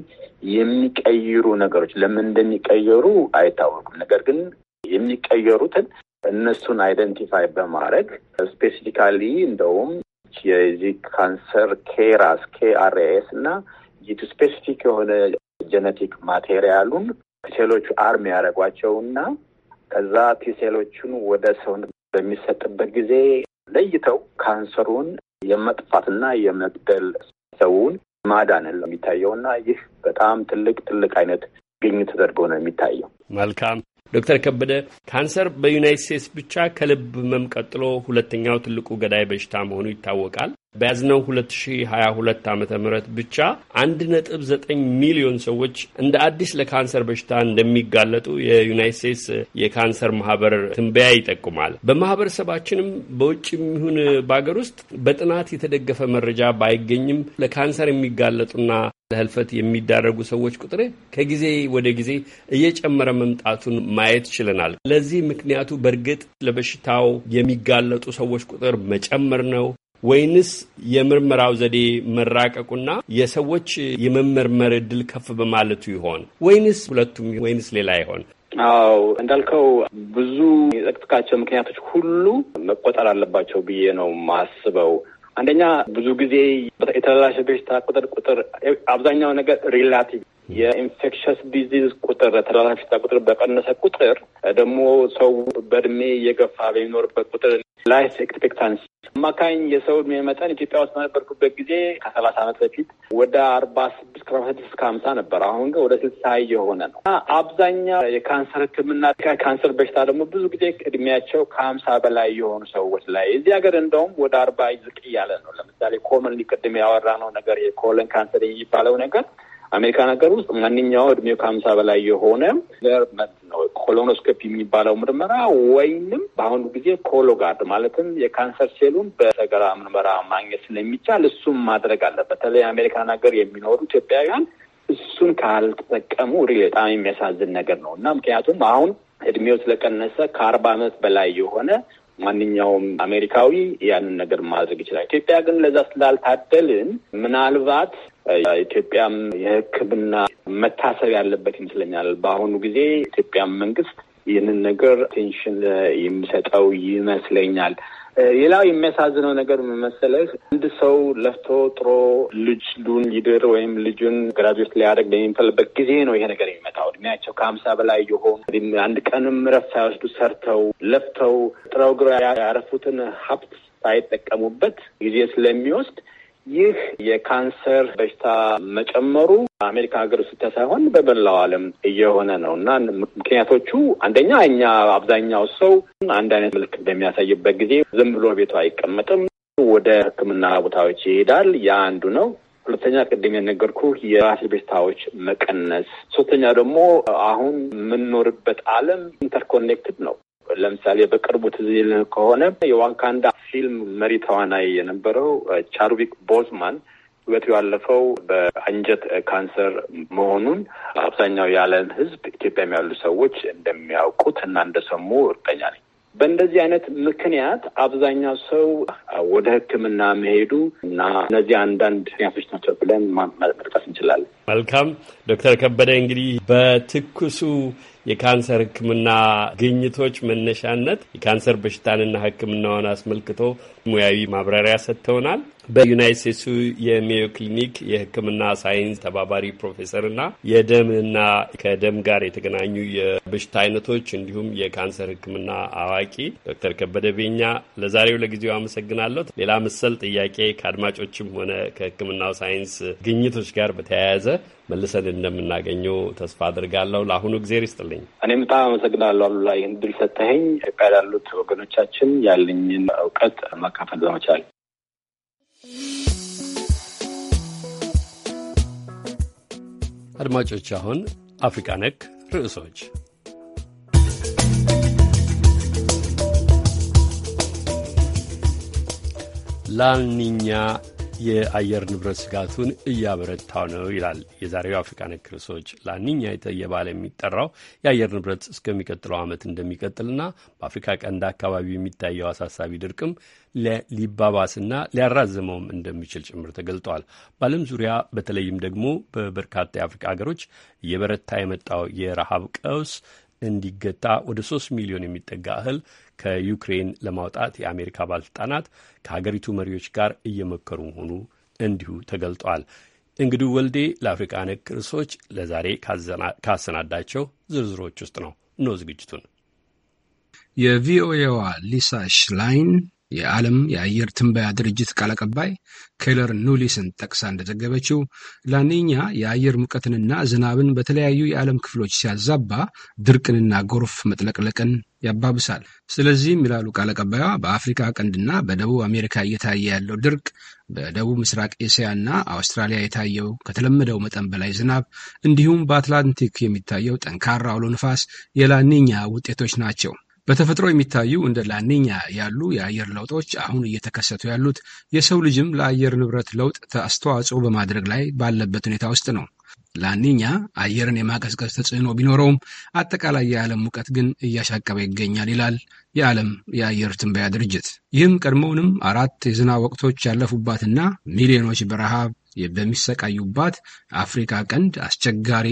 የሚቀይሩ ነገሮች ለምን እንደሚቀየሩ አይታወቅም። ነገር ግን የሚቀየሩትን እነሱን አይደንቲፋይ በማድረግ ስፔሲፊካሊ እንደውም የዚህ ካንሰር ኬራስ ኬአርኤስ እና ጂቱ ስፔሲፊክ የሆነ ጀነቲክ ማቴሪያሉን ሴሎቹ አርም ያደረጓቸው እና ከዛ ቲሴሎቹን ወደ ሰውን በሚሰጥበት ጊዜ ለይተው ካንሰሩን የመጥፋትና የመግደል ሰውን ማዳንን የሚታየውና ይህ በጣም ትልቅ ትልቅ አይነት ግኝ ተደርጎ ነው የሚታየው። መልካም ዶክተር ከበደ ካንሰር በዩናይት ስቴትስ ብቻ ከልብ ህመም ቀጥሎ ሁለተኛው ትልቁ ገዳይ በሽታ መሆኑ ይታወቃል። በያዝነው 2022 ዓ ም ብቻ 1.9 ሚሊዮን ሰዎች እንደ አዲስ ለካንሰር በሽታ እንደሚጋለጡ የዩናይት ስቴትስ የካንሰር ማህበር ትንበያ ይጠቁማል። በማህበረሰባችንም በውጭ የሚሆን በአገር ውስጥ በጥናት የተደገፈ መረጃ ባይገኝም ለካንሰር የሚጋለጡና ለህልፈት የሚዳረጉ ሰዎች ቁጥር ከጊዜ ወደ ጊዜ እየጨመረ መምጣቱን ማየት ችለናል። ለዚህ ምክንያቱ በእርግጥ ለበሽታው የሚጋለጡ ሰዎች ቁጥር መጨመር ነው ወይንስ የምርመራው ዘዴ መራቀቁና የሰዎች የመመርመር እድል ከፍ በማለቱ ይሆን ወይንስ ሁለቱም ወይንስ ሌላ ይሆን? አው እንዳልከው ብዙ የጠቅጥቃቸው ምክንያቶች ሁሉ መቆጠር አለባቸው ብዬ ነው ማስበው። አንደኛ ብዙ ጊዜ የተላላሽ በሽታ ቁጥር ቁጥር አብዛኛው ነገር ሪላቲቭ የኢንፌክሽስ ዲዚዝ ቁጥር ተላላፊ በሽታ ቁጥር በቀነሰ ቁጥር ደግሞ ሰው በእድሜ እየገፋ በሚኖርበት ቁጥር ላይፍ ኤክስፔክታንሲ አማካኝ የሰው እድሜ መጠን ኢትዮጵያ ውስጥ በነበርኩበት ጊዜ ከሰላሳ ዓመት በፊት ወደ አርባ ስድስት ከአርባ እስከ ሀምሳ ነበር። አሁን ግን ወደ ስልሳ እየሆነ ነው። አብዛኛው የካንሰር ሕክምና ካንሰር በሽታ ደግሞ ብዙ ጊዜ እድሜያቸው ከሀምሳ በላይ የሆኑ ሰዎች ላይ እዚህ ሀገር እንደውም ወደ አርባ ዝቅ እያለ ነው። ለምሳሌ ኮመን ሊቀድም ያወራ ነው ነገር የኮለን ካንሰር የሚባለው ነገር አሜሪካን ሀገር ውስጥ ማንኛው እድሜው ከሀምሳ በላይ የሆነ ለመድ ነው ኮሎኖስኮፒ የሚባለው ምርመራ ወይንም በአሁኑ ጊዜ ኮሎጋርድ ማለትም የካንሰር ሴሉን በሰገራ ምርመራ ማግኘት ስለሚቻል እሱም ማድረግ አለ። በተለይ አሜሪካን ሀገር የሚኖሩ ኢትዮጵያውያን እሱን ካልተጠቀሙ በጣም የሚያሳዝን ነገር ነው እና ምክንያቱም አሁን እድሜው ስለቀነሰ ከአርባ ዓመት በላይ የሆነ ማንኛውም አሜሪካዊ ያንን ነገር ማድረግ ይችላል። ኢትዮጵያ ግን ለዛ ስላልታደልን ምናልባት ኢትዮጵያም የሕክምና መታሰብ ያለበት ይመስለኛል። በአሁኑ ጊዜ ኢትዮጵያም መንግስት ይህንን ነገር ቴንሽን የሚሰጠው ይመስለኛል። ሌላው የሚያሳዝነው ነገር መሰለህ አንድ ሰው ለፍቶ ጥሮ ልጅ ሉን ሊድር ወይም ልጁን ግራጁዌት ሊያደርግ በሚፈልበት ጊዜ ነው ይሄ ነገር የሚመጣው። እድሜያቸው ከሀምሳ በላይ የሆኑ አንድ ቀንም እረፍት ሳይወስዱ ሰርተው ለፍተው ጥረው ግረው ያረፉትን ሀብት ሳይጠቀሙበት ጊዜ ስለሚወስድ ይህ የካንሰር በሽታ መጨመሩ አሜሪካ ሀገር ውስጥ ብቻ ሳይሆን በበላው ዓለም እየሆነ ነው እና ምክንያቶቹ አንደኛ እኛ አብዛኛው ሰው አንድ አይነት ምልክት በሚያሳይበት ጊዜ ዝም ብሎ ቤቱ አይቀመጥም፣ ወደ ሕክምና ቦታዎች ይሄዳል። ያ አንዱ ነው። ሁለተኛ ቅድም የነገርኩ የራሴ በሽታዎች መቀነስ፣ ሶስተኛ ደግሞ አሁን የምንኖርበት ዓለም ኢንተርኮኔክትድ ነው። ለምሳሌ በቅርቡ ትዝ ከሆነ የዋካንዳ ፊልም መሪ ተዋናይ የነበረው ቻርዊክ ቦዝማን ህይወቱ ያለፈው በአንጀት ካንሰር መሆኑን አብዛኛው የዓለም ህዝብ ኢትዮጵያም ያሉ ሰዎች እንደሚያውቁት እና እንደሰሙ እርግጠኛ ነኝ። በእንደዚህ አይነት ምክንያት አብዛኛው ሰው ወደ ሕክምና መሄዱ እና እነዚህ አንዳንድ ምክንያቶች ናቸው ብለን መጥቀስ እንችላለን። መልካም ዶክተር ከበደ እንግዲህ በትኩሱ የካንሰር ሕክምና ግኝቶች መነሻነት የካንሰር በሽታንና ሕክምናውን አስመልክቶ ሙያዊ ማብራሪያ ሰጥተውናል። በዩናይት ስቴትሱ የሜዮ ክሊኒክ የሕክምና ሳይንስ ተባባሪ ፕሮፌሰር እና የደምና ከደም ጋር የተገናኙ የበሽታ አይነቶች እንዲሁም የካንሰር ሕክምና አዋቂ ዶክተር ከበደ ቤኛ ለዛሬው ለጊዜው አመሰግናለሁ። ሌላ መሰል ጥያቄ ከአድማጮችም ሆነ ከሕክምናው ሳይንስ ግኝቶች ጋር በተያያዘ መልሰን እንደምናገኘው ተስፋ አድርጋለሁ። ለአሁኑ እግዜር ይስጥልኝ። እኔም በጣም አመሰግናለሁ አሉላ፣ ይህን ድል ሰተኸኝ። ኢትዮጵያ ላሉት ወገኖቻችን ያለኝን እውቀት ማካፈል በመቻል አድማጮች አሁን አፍሪካ ነክ ርዕሶች ላልኒኛ የአየር ንብረት ስጋቱን እያበረታው ነው ይላል የዛሬው አፍሪካ ነክ ርዕሶች ላኒኛ የተየባለ የሚጠራው የአየር ንብረት እስከሚቀጥለው ዓመት እንደሚቀጥልና በአፍሪካ ቀንድ አካባቢ የሚታየው አሳሳቢ ድርቅም ሊባባስና ሊያራዘመውም እንደሚችል ጭምር ተገልጧል። በዓለም ዙሪያ በተለይም ደግሞ በበርካታ የአፍሪካ ሀገሮች እየበረታ የመጣው የረሃብ ቀውስ እንዲገታ ወደ ሶስት ሚሊዮን የሚጠጋ እህል ከዩክሬን ለማውጣት የአሜሪካ ባለስልጣናት ከሀገሪቱ መሪዎች ጋር እየመከሩ መሆኑ እንዲሁ ተገልጧል። እንግዲህ ወልዴ ለአፍሪቃ ነክ ርዕሶች ለዛሬ ካሰናዳቸው ዝርዝሮች ውስጥ ነው። እነሆ ዝግጅቱን የቪኦኤዋ ሊሳ ሽላይን የዓለም የአየር ትንበያ ድርጅት ቃል አቀባይ ኬለር ኑሊስን ጠቅሳ እንደዘገበችው ላኒኛ የአየር ሙቀትንና ዝናብን በተለያዩ የዓለም ክፍሎች ሲያዛባ ድርቅንና ጎርፍ መጥለቅለቅን ያባብሳል። ስለዚህም ይላሉ ቃል አቀባይዋ፣ በአፍሪካ ቀንድና በደቡብ አሜሪካ እየታየ ያለው ድርቅ በደቡብ ምስራቅ ኤስያና አውስትራሊያ የታየው ከተለመደው መጠን በላይ ዝናብ፣ እንዲሁም በአትላንቲክ የሚታየው ጠንካራ አውሎ ንፋስ የላኒኛ ውጤቶች ናቸው። በተፈጥሮ የሚታዩ እንደ ላኒኛ ያሉ የአየር ለውጦች አሁን እየተከሰቱ ያሉት የሰው ልጅም ለአየር ንብረት ለውጥ አስተዋጽኦ በማድረግ ላይ ባለበት ሁኔታ ውስጥ ነው። ላኒኛ አየርን የማቀዝቀዝ ተጽዕኖ ቢኖረውም አጠቃላይ የዓለም ሙቀት ግን እያሻቀበ ይገኛል ይላል የዓለም የአየር ትንበያ ድርጅት። ይህም ቀድሞውንም አራት የዝናብ ወቅቶች ያለፉባትና ሚሊዮኖች በረሃብ በሚሰቃዩባት አፍሪካ ቀንድ አስቸጋሪ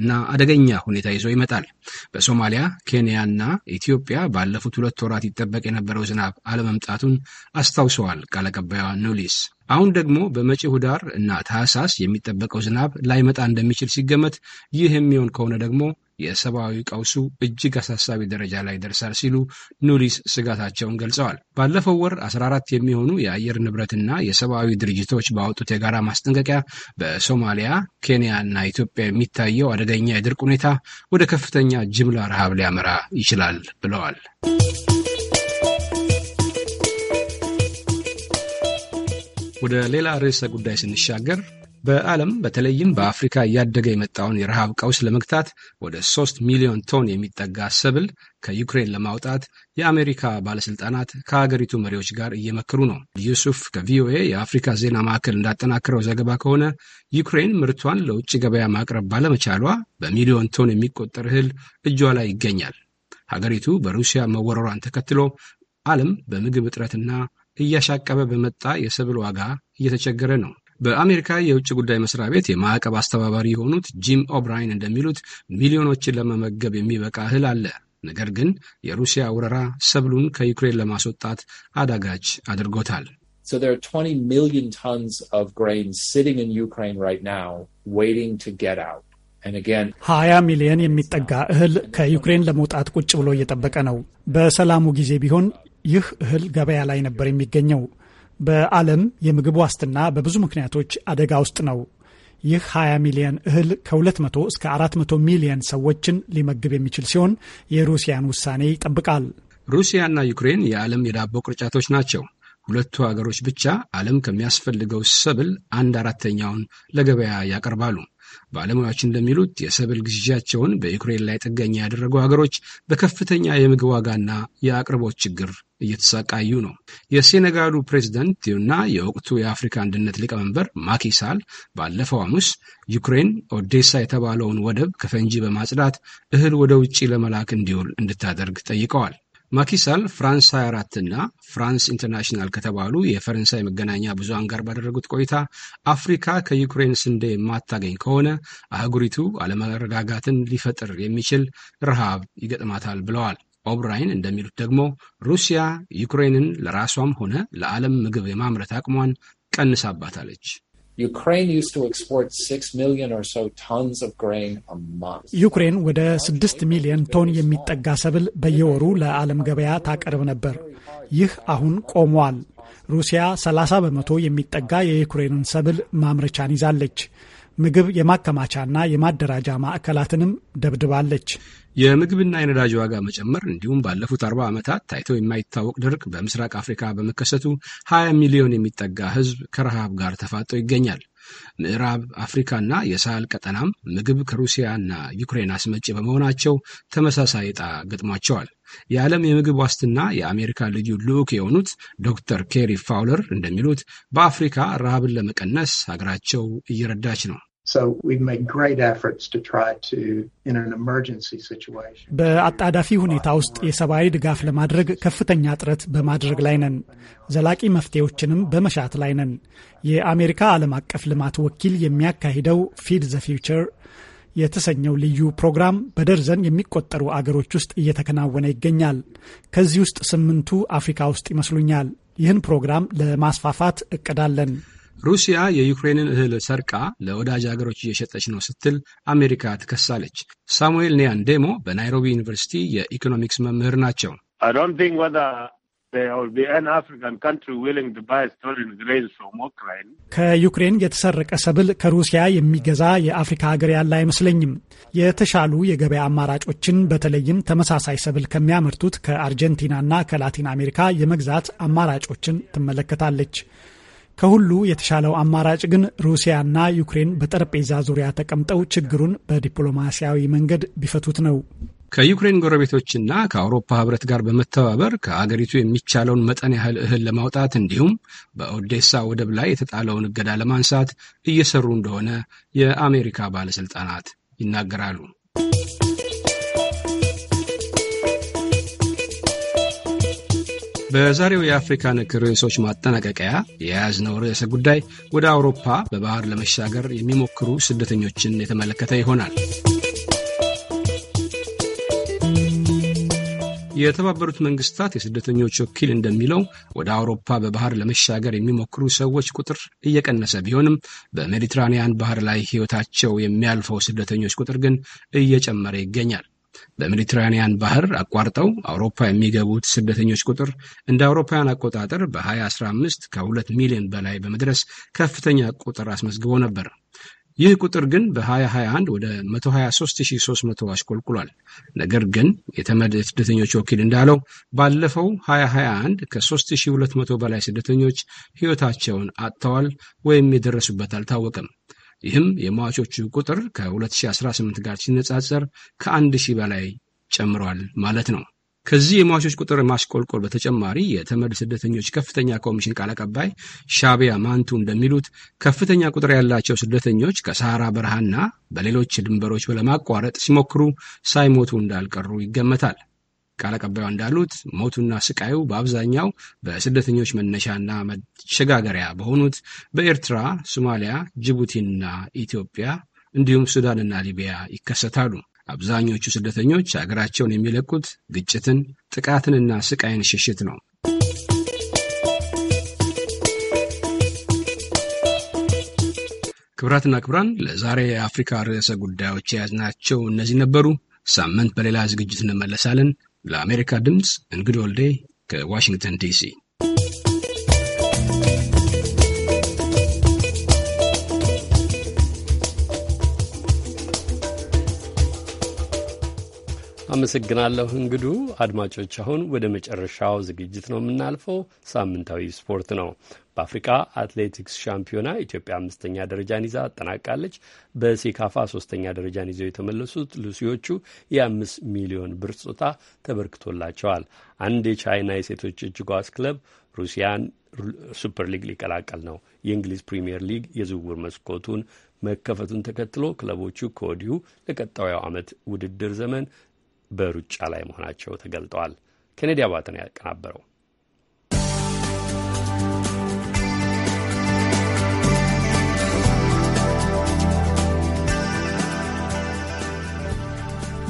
እና አደገኛ ሁኔታ ይዞ ይመጣል። በሶማሊያ፣ ኬንያና ኢትዮጵያ ባለፉት ሁለት ወራት ይጠበቅ የነበረው ዝናብ አለመምጣቱን አስታውሰዋል ቃል አቀባይዋ ኑሊስ አሁን ደግሞ በመጪው ኅዳር እና ታህሳስ የሚጠበቀው ዝናብ ላይመጣ እንደሚችል ሲገመት፣ ይህ የሚሆን ከሆነ ደግሞ የሰብአዊ ቀውሱ እጅግ አሳሳቢ ደረጃ ላይ ደርሳል ሲሉ ኑሪስ ስጋታቸውን ገልጸዋል። ባለፈው ወር 14 የሚሆኑ የአየር ንብረትና የሰብአዊ ድርጅቶች ባወጡት የጋራ ማስጠንቀቂያ በሶማሊያ፣ ኬንያ እና ኢትዮጵያ የሚታየው አደገኛ የድርቅ ሁኔታ ወደ ከፍተኛ ጅምላ ረሃብ ሊያመራ ይችላል ብለዋል። ወደ ሌላ ርዕሰ ጉዳይ ስንሻገር በዓለም በተለይም በአፍሪካ እያደገ የመጣውን የረሃብ ቀውስ ለመግታት ወደ ሶስት ሚሊዮን ቶን የሚጠጋ ሰብል ከዩክሬን ለማውጣት የአሜሪካ ባለሥልጣናት ከሀገሪቱ መሪዎች ጋር እየመከሩ ነው። ዩሱፍ ከቪኦኤ የአፍሪካ ዜና ማዕከል እንዳጠናከረው ዘገባ ከሆነ ዩክሬን ምርቷን ለውጭ ገበያ ማቅረብ ባለመቻሏ በሚሊዮን ቶን የሚቆጠር እህል እጇ ላይ ይገኛል። ሀገሪቱ በሩሲያ መወረሯን ተከትሎ ዓለም በምግብ እጥረትና እያሻቀበ በመጣ የሰብል ዋጋ እየተቸገረ ነው። በአሜሪካ የውጭ ጉዳይ መስሪያ ቤት የማዕቀብ አስተባባሪ የሆኑት ጂም ኦብራይን እንደሚሉት ሚሊዮኖችን ለመመገብ የሚበቃ እህል አለ። ነገር ግን የሩሲያ ወረራ ሰብሉን ከዩክሬን ለማስወጣት አዳጋች አድርጎታል። So there are 20 million tons of grain sitting in Ukraine right now, waiting to get out. ሀያ ሚሊየን የሚጠጋ እህል ከዩክሬን ለመውጣት ቁጭ ብሎ እየጠበቀ ነው። በሰላሙ ጊዜ ቢሆን ይህ እህል ገበያ ላይ ነበር የሚገኘው። በዓለም የምግብ ዋስትና በብዙ ምክንያቶች አደጋ ውስጥ ነው። ይህ 20 ሚሊዮን እህል ከ200 እስከ 400 ሚሊዮን ሰዎችን ሊመግብ የሚችል ሲሆን የሩሲያን ውሳኔ ይጠብቃል። ሩሲያና ዩክሬን የዓለም የዳቦ ቅርጫቶች ናቸው። ሁለቱ ሀገሮች ብቻ ዓለም ከሚያስፈልገው ሰብል አንድ አራተኛውን ለገበያ ያቀርባሉ። ባለሙያዎች እንደሚሉት የሰብል ግዢያቸውን በዩክሬን ላይ ጥገኛ ያደረጉ ሀገሮች በከፍተኛ የምግብ ዋጋና የአቅርቦት ችግር እየተሰቃዩ ነው። የሴኔጋሉ ፕሬዚደንት እና የወቅቱ የአፍሪካ አንድነት ሊቀመንበር ማኪሳል ባለፈው ሐሙስ ዩክሬን ኦዴሳ የተባለውን ወደብ ከፈንጂ በማጽዳት እህል ወደ ውጭ ለመላክ እንዲውል እንድታደርግ ጠይቀዋል። ማኪሳል ፍራንስ 24 እና ፍራንስ ኢንተርናሽናል ከተባሉ የፈረንሳይ መገናኛ ብዙሃን ጋር ባደረጉት ቆይታ አፍሪካ ከዩክሬን ስንዴ የማታገኝ ከሆነ አህጉሪቱ አለመረጋጋትን ሊፈጥር የሚችል ረሃብ ይገጥማታል ብለዋል። ኦብራይን እንደሚሉት ደግሞ ሩሲያ ዩክሬንን ለራሷም ሆነ ለዓለም ምግብ የማምረት አቅሟን ቀንሳባታለች። ዩክሬን ዩክሬን ወደ ስድስት ሚሊዮን ቶን የሚጠጋ ሰብል በየወሩ ለዓለም ገበያ ታቀርብ ነበር። ይህ አሁን ቆሟል። ሩሲያ 30 በመቶ የሚጠጋ የዩክሬንን ሰብል ማምረቻን ይዛለች። ምግብ የማከማቻና የማደራጃ ማዕከላትንም ደብድባለች። የምግብና የነዳጅ ዋጋ መጨመር እንዲሁም ባለፉት አርባ ዓመታት ታይቶ የማይታወቅ ድርቅ በምስራቅ አፍሪካ በመከሰቱ 20 ሚሊዮን የሚጠጋ ሕዝብ ከረሃብ ጋር ተፋጦ ይገኛል። ምዕራብ አፍሪካና የሳህል ቀጠናም ምግብ ከሩሲያና ዩክሬን አስመጪ በመሆናቸው ተመሳሳይ ዕጣ ገጥሟቸዋል። የዓለም የምግብ ዋስትና የአሜሪካ ልዩ ልዑክ የሆኑት ዶክተር ኬሪ ፋውለር እንደሚሉት በአፍሪካ ረሃብን ለመቀነስ ሀገራቸው እየረዳች ነው። በአጣዳፊ ሁኔታ ውስጥ የሰብአዊ ድጋፍ ለማድረግ ከፍተኛ ጥረት በማድረግ ላይ ነን። ዘላቂ መፍትሄዎችንም በመሻት ላይ ነን። የአሜሪካ ዓለም አቀፍ ልማት ወኪል የሚያካሂደው ፊድ ዘ ፊውቸር የተሰኘው ልዩ ፕሮግራም በደርዘን የሚቆጠሩ አገሮች ውስጥ እየተከናወነ ይገኛል። ከዚህ ውስጥ ስምንቱ አፍሪካ ውስጥ ይመስሉኛል። ይህን ፕሮግራም ለማስፋፋት እቅዳለን። ሩሲያ የዩክሬንን እህል ሰርቃ ለወዳጅ አገሮች እየሸጠች ነው ስትል አሜሪካ ትከሳለች። ሳሙኤል ኒያን ዴሞ በናይሮቢ ዩኒቨርሲቲ የኢኮኖሚክስ መምህር ናቸው። ከዩክሬን የተሰረቀ ሰብል ከሩሲያ የሚገዛ የአፍሪካ ሀገር ያለ አይመስለኝም። የተሻሉ የገበያ አማራጮችን በተለይም ተመሳሳይ ሰብል ከሚያመርቱት ከአርጀንቲናና ከላቲን አሜሪካ የመግዛት አማራጮችን ትመለከታለች። ከሁሉ የተሻለው አማራጭ ግን ሩሲያና ዩክሬን በጠረጴዛ ዙሪያ ተቀምጠው ችግሩን በዲፕሎማሲያዊ መንገድ ቢፈቱት ነው። ከዩክሬን ጎረቤቶችና ከአውሮፓ ህብረት ጋር በመተባበር ከአገሪቱ የሚቻለውን መጠን ያህል እህል ለማውጣት እንዲሁም በኦዴሳ ወደብ ላይ የተጣለውን እገዳ ለማንሳት እየሰሩ እንደሆነ የአሜሪካ ባለሥልጣናት ይናገራሉ። በዛሬው የአፍሪካ ነክ ርዕሶች ማጠናቀቂያ የያዝነው ርዕሰ ጉዳይ ወደ አውሮፓ በባህር ለመሻገር የሚሞክሩ ስደተኞችን የተመለከተ ይሆናል። የተባበሩት መንግስታት የስደተኞች ወኪል እንደሚለው ወደ አውሮፓ በባህር ለመሻገር የሚሞክሩ ሰዎች ቁጥር እየቀነሰ ቢሆንም በሜዲትራኒያን ባህር ላይ ሕይወታቸው የሚያልፈው ስደተኞች ቁጥር ግን እየጨመረ ይገኛል። በሜዲትራኒያን ባህር አቋርጠው አውሮፓ የሚገቡት ስደተኞች ቁጥር እንደ አውሮፓውያን አቆጣጠር በ2015 ከ2 ሚሊዮን በላይ በመድረስ ከፍተኛ ቁጥር አስመዝግቦ ነበር። ይህ ቁጥር ግን በ2021 ወደ 123300 አሽቆልቁሏል። ነገር ግን የተመድ ስደተኞች ወኪል እንዳለው ባለፈው 2021 ከ3200 በላይ ስደተኞች ሕይወታቸውን አጥተዋል ወይም የደረሱበት አልታወቅም ይህም የሟቾቹ ቁጥር ከ2018 ጋር ሲነጻጸር ከ1000 በላይ ጨምሯል ማለት ነው። ከዚህ የሟቾች ቁጥር ማሽቆልቆል በተጨማሪ የተመድ ስደተኞች ከፍተኛ ኮሚሽን ቃል አቀባይ ሻቢያ ማንቱ እንደሚሉት ከፍተኛ ቁጥር ያላቸው ስደተኞች ከሰሃራ በረሃና በሌሎች ድንበሮች ለማቋረጥ ሲሞክሩ ሳይሞቱ እንዳልቀሩ ይገመታል። ቃል አቀባዩ እንዳሉት ሞቱና ስቃዩ በአብዛኛው በስደተኞች መነሻና መሸጋገሪያ በሆኑት በኤርትራ፣ ሶማሊያ፣ ጅቡቲና ኢትዮጵያ እንዲሁም ሱዳንና ሊቢያ ይከሰታሉ። አብዛኞቹ ስደተኞች አገራቸውን የሚለቁት ግጭትን፣ ጥቃትንና ስቃይን ሽሽት ነው። ክብራትና ክብራን ለዛሬ የአፍሪካ ርዕሰ ጉዳዮች የያዝናቸው እነዚህ ነበሩ። ሳምንት በሌላ ዝግጅት እንመለሳለን። ለአሜሪካ ድምፅ እንግዶ ወልዴ ከዋሽንግተን ዲሲ አመሰግናለሁ እንግዱ። አድማጮች አሁን ወደ መጨረሻው ዝግጅት ነው የምናልፈው። ሳምንታዊ ስፖርት ነው። በአፍሪካ አትሌቲክስ ሻምፒዮና ኢትዮጵያ አምስተኛ ደረጃን ይዛ አጠናቃለች። በሴካፋ ሶስተኛ ደረጃን ይዘው የተመለሱት ሉሲዎቹ የአምስት ሚሊዮን ብር ስጦታ ተበርክቶላቸዋል። አንድ የቻይና የሴቶች እጅ ኳስ ክለብ ሩሲያን ሱፐር ሊግ ሊቀላቀል ነው። የእንግሊዝ ፕሪምየር ሊግ የዝውውር መስኮቱን መከፈቱን ተከትሎ ክለቦቹ ከወዲሁ ለቀጣዩ ዓመት ውድድር ዘመን በሩጫ ላይ መሆናቸው ተገልጠዋል። ኬኔዲ አባተ ነው ያቀናበረው።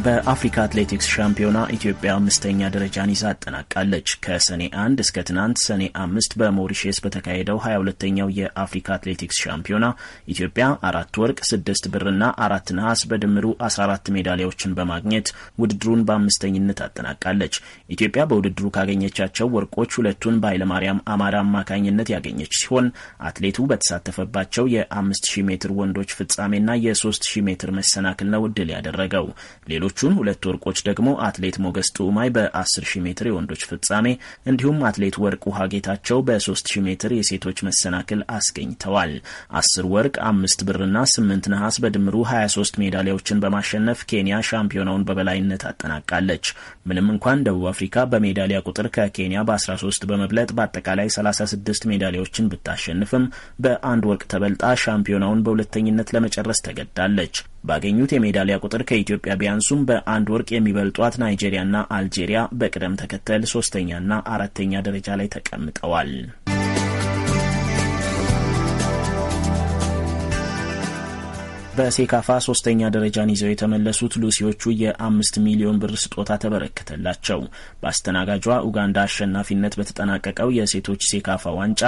በአፍሪካ አትሌቲክስ ሻምፒዮና ኢትዮጵያ አምስተኛ ደረጃን ይዛ አጠናቃለች። ከሰኔ አንድ እስከ ትናንት ሰኔ አምስት በሞሪሼስ በተካሄደው ሀያ ሁለተኛው የአፍሪካ አትሌቲክስ ሻምፒዮና ኢትዮጵያ አራት ወርቅ፣ ስድስት ብርና አራት ነሐስ በድምሩ አስራ አራት ሜዳሊያዎችን በማግኘት ውድድሩን በአምስተኝነት አጠናቃለች። ኢትዮጵያ በውድድሩ ካገኘቻቸው ወርቆች ሁለቱን በኃይለማርያም አማራ አማካኝነት ያገኘች ሲሆን አትሌቱ በተሳተፈባቸው የአምስት ሺህ ሜትር ወንዶች ፍጻሜና የሶስት ሺህ ሜትር መሰናክል ነው ድል ያደረገው። ሌሎች የሴቶቹን ሁለት ወርቆች ደግሞ አትሌት ሞገስ ጡማይ በ10 ሜትር የወንዶች ፍጻሜ እንዲሁም አትሌት ውሃ ጌታቸው በ3 ሺ ሜትር የሴቶች መሰናክል አስገኝተዋል። 10 ወርቅ፣ አምስት ብርና ስምንት ነሐስ በድምሩ 23 ሜዳሊያዎችን በማሸነፍ ኬንያ ሻምፒዮናውን በበላይነት አጠናቃለች። ምንም እንኳን ደቡብ አፍሪካ በሜዳሊያ ቁጥር ከኬንያ በ13 በመብለጥ በአጠቃላይ 36 ሜዳሊያዎችን ብታሸንፍም በአንድ ወርቅ ተበልጣ ሻምፒዮናውን በሁለተኝነት ለመጨረስ ተገድዳለች። ባገኙት የሜዳሊያ ቁጥር ከኢትዮጵያ ቢያንሱም በአንድ ወርቅ የሚበልጧት ናይጄሪያና አልጄሪያ በቅደም ተከተል ሶስተኛና አራተኛ ደረጃ ላይ ተቀምጠዋል። በሴካፋ ሶስተኛ ደረጃን ይዘው የተመለሱት ሉሲዎቹ የአምስት ሚሊዮን ብር ስጦታ ተበረከተላቸው። በአስተናጋጇ ኡጋንዳ አሸናፊነት በተጠናቀቀው የሴቶች ሴካፋ ዋንጫ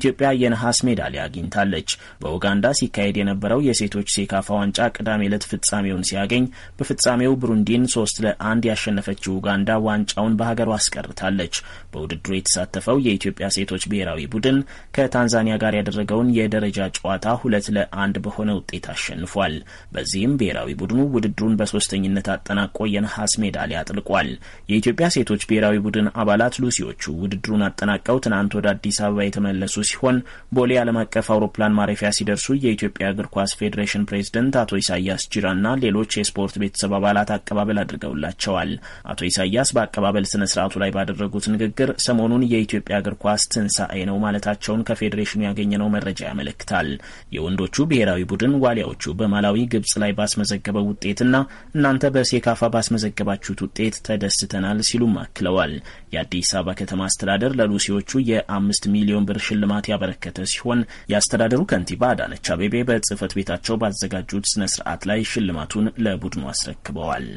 ኢትዮጵያ የነሐስ ሜዳሊያ አግኝታለች። በኡጋንዳ ሲካሄድ የነበረው የሴቶች ሴካፋ ዋንጫ ቅዳሜ ዕለት ፍጻሜውን ሲያገኝ በፍጻሜው ብሩንዲን ሶስት ለአንድ ያሸነፈችው ኡጋንዳ ዋንጫውን በሀገሯ አስቀርታለች። በውድድሩ የተሳተፈው የኢትዮጵያ ሴቶች ብሔራዊ ቡድን ከታንዛኒያ ጋር ያደረገውን የደረጃ ጨዋታ ሁለት ለአንድ በሆነ ውጤት አሸንፏል። አልፏል። በዚህም ብሔራዊ ቡድኑ ውድድሩን በሶስተኝነት አጠናቆ የነሐስ ሜዳሊያ አጥልቋል። የኢትዮጵያ ሴቶች ብሔራዊ ቡድን አባላት ሉሲዎቹ ውድድሩን አጠናቀው ትናንት ወደ አዲስ አበባ የተመለሱ ሲሆን ቦሌ ዓለም አቀፍ አውሮፕላን ማረፊያ ሲደርሱ የኢትዮጵያ እግር ኳስ ፌዴሬሽን ፕሬዝደንት አቶ ኢሳያስ ጂራና ሌሎች የስፖርት ቤተሰብ አባላት አቀባበል አድርገውላቸዋል። አቶ ኢሳያስ በአቀባበል ስነ ስርዓቱ ላይ ባደረጉት ንግግር ሰሞኑን የኢትዮጵያ እግር ኳስ ትንሣኤ ነው ማለታቸውን ከፌዴሬሽኑ ያገኘነው መረጃ ያመለክታል። የወንዶቹ ብሔራዊ ቡድን ዋሊያዎቹ በማላዊ ግብጽ ላይ ባስመዘገበው ውጤትና እናንተ በሴካፋ ባስመዘገባችሁት ውጤት ተደስተናል ሲሉም አክለዋል። የአዲስ አበባ ከተማ አስተዳደር ለሉሲዎቹ የአምስት ሚሊዮን ብር ሽልማት ያበረከተ ሲሆን የአስተዳደሩ ከንቲባ አዳነች አቤቤ በጽህፈት ቤታቸው ባዘጋጁት ስነ ስርዓት ላይ ሽልማቱን ለቡድኑ አስረክበዋል።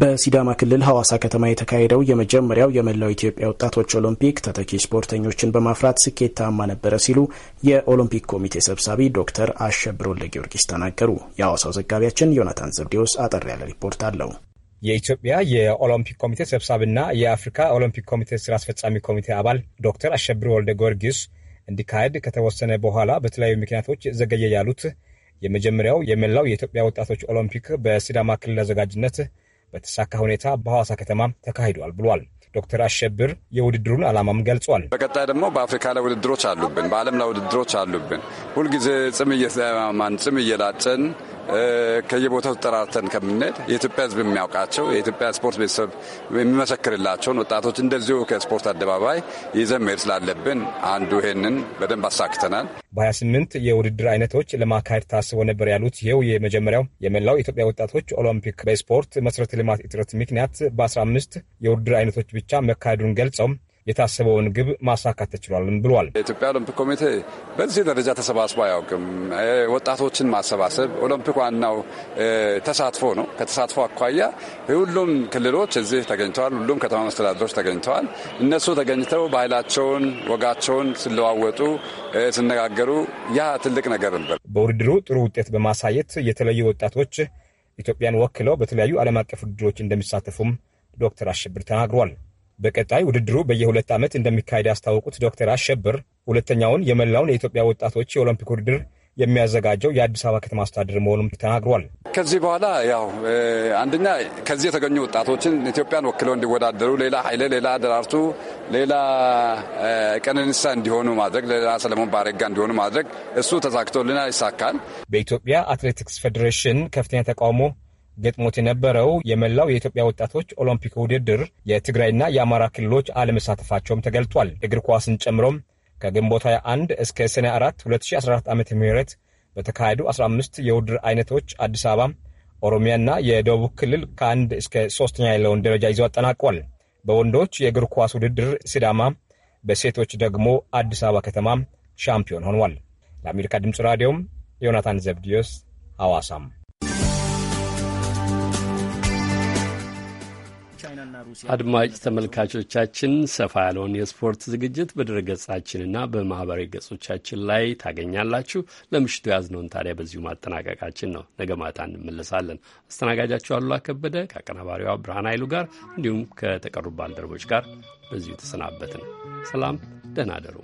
በሲዳማ ክልል ሐዋሳ ከተማ የተካሄደው የመጀመሪያው የመላው ኢትዮጵያ ወጣቶች ኦሎምፒክ ተተኪ ስፖርተኞችን በማፍራት ስኬታማ ነበረ ሲሉ የኦሎምፒክ ኮሚቴ ሰብሳቢ ዶክተር አሸብር ወልደ ጊዮርጊስ ተናገሩ። የሐዋሳው ዘጋቢያችን ዮናታን ዘብዴዎስ አጠር ያለ ሪፖርት አለው። የኢትዮጵያ የኦሎምፒክ ኮሚቴ ሰብሳቢና የአፍሪካ ኦሎምፒክ ኮሚቴ ስራ አስፈጻሚ ኮሚቴ አባል ዶክተር አሸብር ወልደ ጊዮርጊስ እንዲካሄድ ከተወሰነ በኋላ በተለያዩ ምክንያቶች ዘገየ ያሉት የመጀመሪያው የመላው የኢትዮጵያ ወጣቶች ኦሎምፒክ በሲዳማ ክልል አዘጋጅነት በተሳካ ሁኔታ በሐዋሳ ከተማ ተካሂዷል ብሏል። ዶክተር አሸብር የውድድሩን ዓላማም ገልጿል። በቀጣይ ደግሞ በአፍሪካ ላይ ውድድሮች አሉብን፣ በዓለም ላይ ውድድሮች አሉብን። ሁልጊዜ ጽም እየተማማን ጽም እየላጭን ከየቦታው ተጠራርተን ከምንሄድ የኢትዮጵያ ሕዝብ የሚያውቃቸው የኢትዮጵያ ስፖርት ቤተሰብ የሚመሰክርላቸውን ወጣቶች እንደዚሁ ከስፖርት አደባባይ ይዘን መሄድ ስላለብን አንዱ ይሄንን በደንብ አሳክተናል። በ28 የውድድር አይነቶች ለማካሄድ ታስቦ ነበር ያሉት ይኸው የመጀመሪያው የመላው ኢትዮጵያ ወጣቶች ኦሎምፒክ በስፖርት መሰረተ ልማት እጥረት ምክንያት በ15 የውድድር አይነቶች ብቻ መካሄዱን ገልጸው የታሰበውን ግብ ማሳካት ተችሏልም ብሏል። የኢትዮጵያ ኦሎምፒክ ኮሚቴ በዚህ ደረጃ ተሰባስቦ አያውቅም። ወጣቶችን ማሰባሰብ ኦሎምፒክ ዋናው ተሳትፎ ነው። ከተሳትፎ አኳያ ሁሉም ክልሎች እዚህ ተገኝተዋል። ሁሉም ከተማ መስተዳድሮች ተገኝተዋል። እነሱ ተገኝተው ባህላቸውን፣ ወጋቸውን ሲለዋወጡ፣ ሲነጋገሩ ያ ትልቅ ነገር ነበር። በውድድሩ ጥሩ ውጤት በማሳየት የተለዩ ወጣቶች ኢትዮጵያን ወክለው በተለያዩ ዓለም አቀፍ ውድድሮች እንደሚሳተፉም ዶክተር አሸብር ተናግሯል። በቀጣይ ውድድሩ በየሁለት ዓመት እንደሚካሄድ ያስታወቁት ዶክተር አሸብር ሁለተኛውን የመላውን የኢትዮጵያ ወጣቶች የኦሎምፒክ ውድድር የሚያዘጋጀው የአዲስ አበባ ከተማ አስተዳደር መሆኑም ተናግሯል። ከዚህ በኋላ ያው አንደኛ ከዚህ የተገኙ ወጣቶችን ኢትዮጵያን ወክለው እንዲወዳደሩ ሌላ ኃይሌ፣ ሌላ ደራርቱ፣ ሌላ ቀነኒሳ እንዲሆኑ ማድረግ፣ ሌላ ሰለሞን ባረጋ እንዲሆኑ ማድረግ እሱ ተሳክቶልና ይሳካል። በኢትዮጵያ አትሌቲክስ ፌዴሬሽን ከፍተኛ ተቃውሞ ገጥሞት የነበረው የመላው የኢትዮጵያ ወጣቶች ኦሎምፒክ ውድድር የትግራይና የአማራ ክልሎች አለመሳተፋቸውም ተገልጧል። እግር ኳስን ጨምሮም ከግንቦት 21 እስከ ሰኔ 4 2014 ዓ ም በተካሄዱ 15 የውድድር አይነቶች አዲስ አበባ፣ ኦሮሚያና የደቡብ ክልል ከአንድ እስከ ሶስተኛ ያለውን ደረጃ ይዘው አጠናቋል። በወንዶች የእግር ኳስ ውድድር ሲዳማ፣ በሴቶች ደግሞ አዲስ አበባ ከተማ ሻምፒዮን ሆኗል። ለአሜሪካ ድምፅ ራዲዮም ዮናታን ዘብዲዮስ ሐዋሳም አድማጭ ተመልካቾቻችን ሰፋ ያለውን የስፖርት ዝግጅት በድረገጻችንና በማህበራዊ ገጾቻችን ላይ ታገኛላችሁ። ለምሽቱ ያዝነውን ታዲያ በዚሁ ማጠናቀቃችን ነው። ነገ ማታ እንመለሳለን። አስተናጋጃችሁ አሉላ ከበደ ከአቀናባሪዋ ብርሃን ኃይሉ ጋር እንዲሁም ከተቀሩ ባልደረቦች ጋር በዚሁ ተሰናበትን። ሰላም፣ ደህና አደሩ።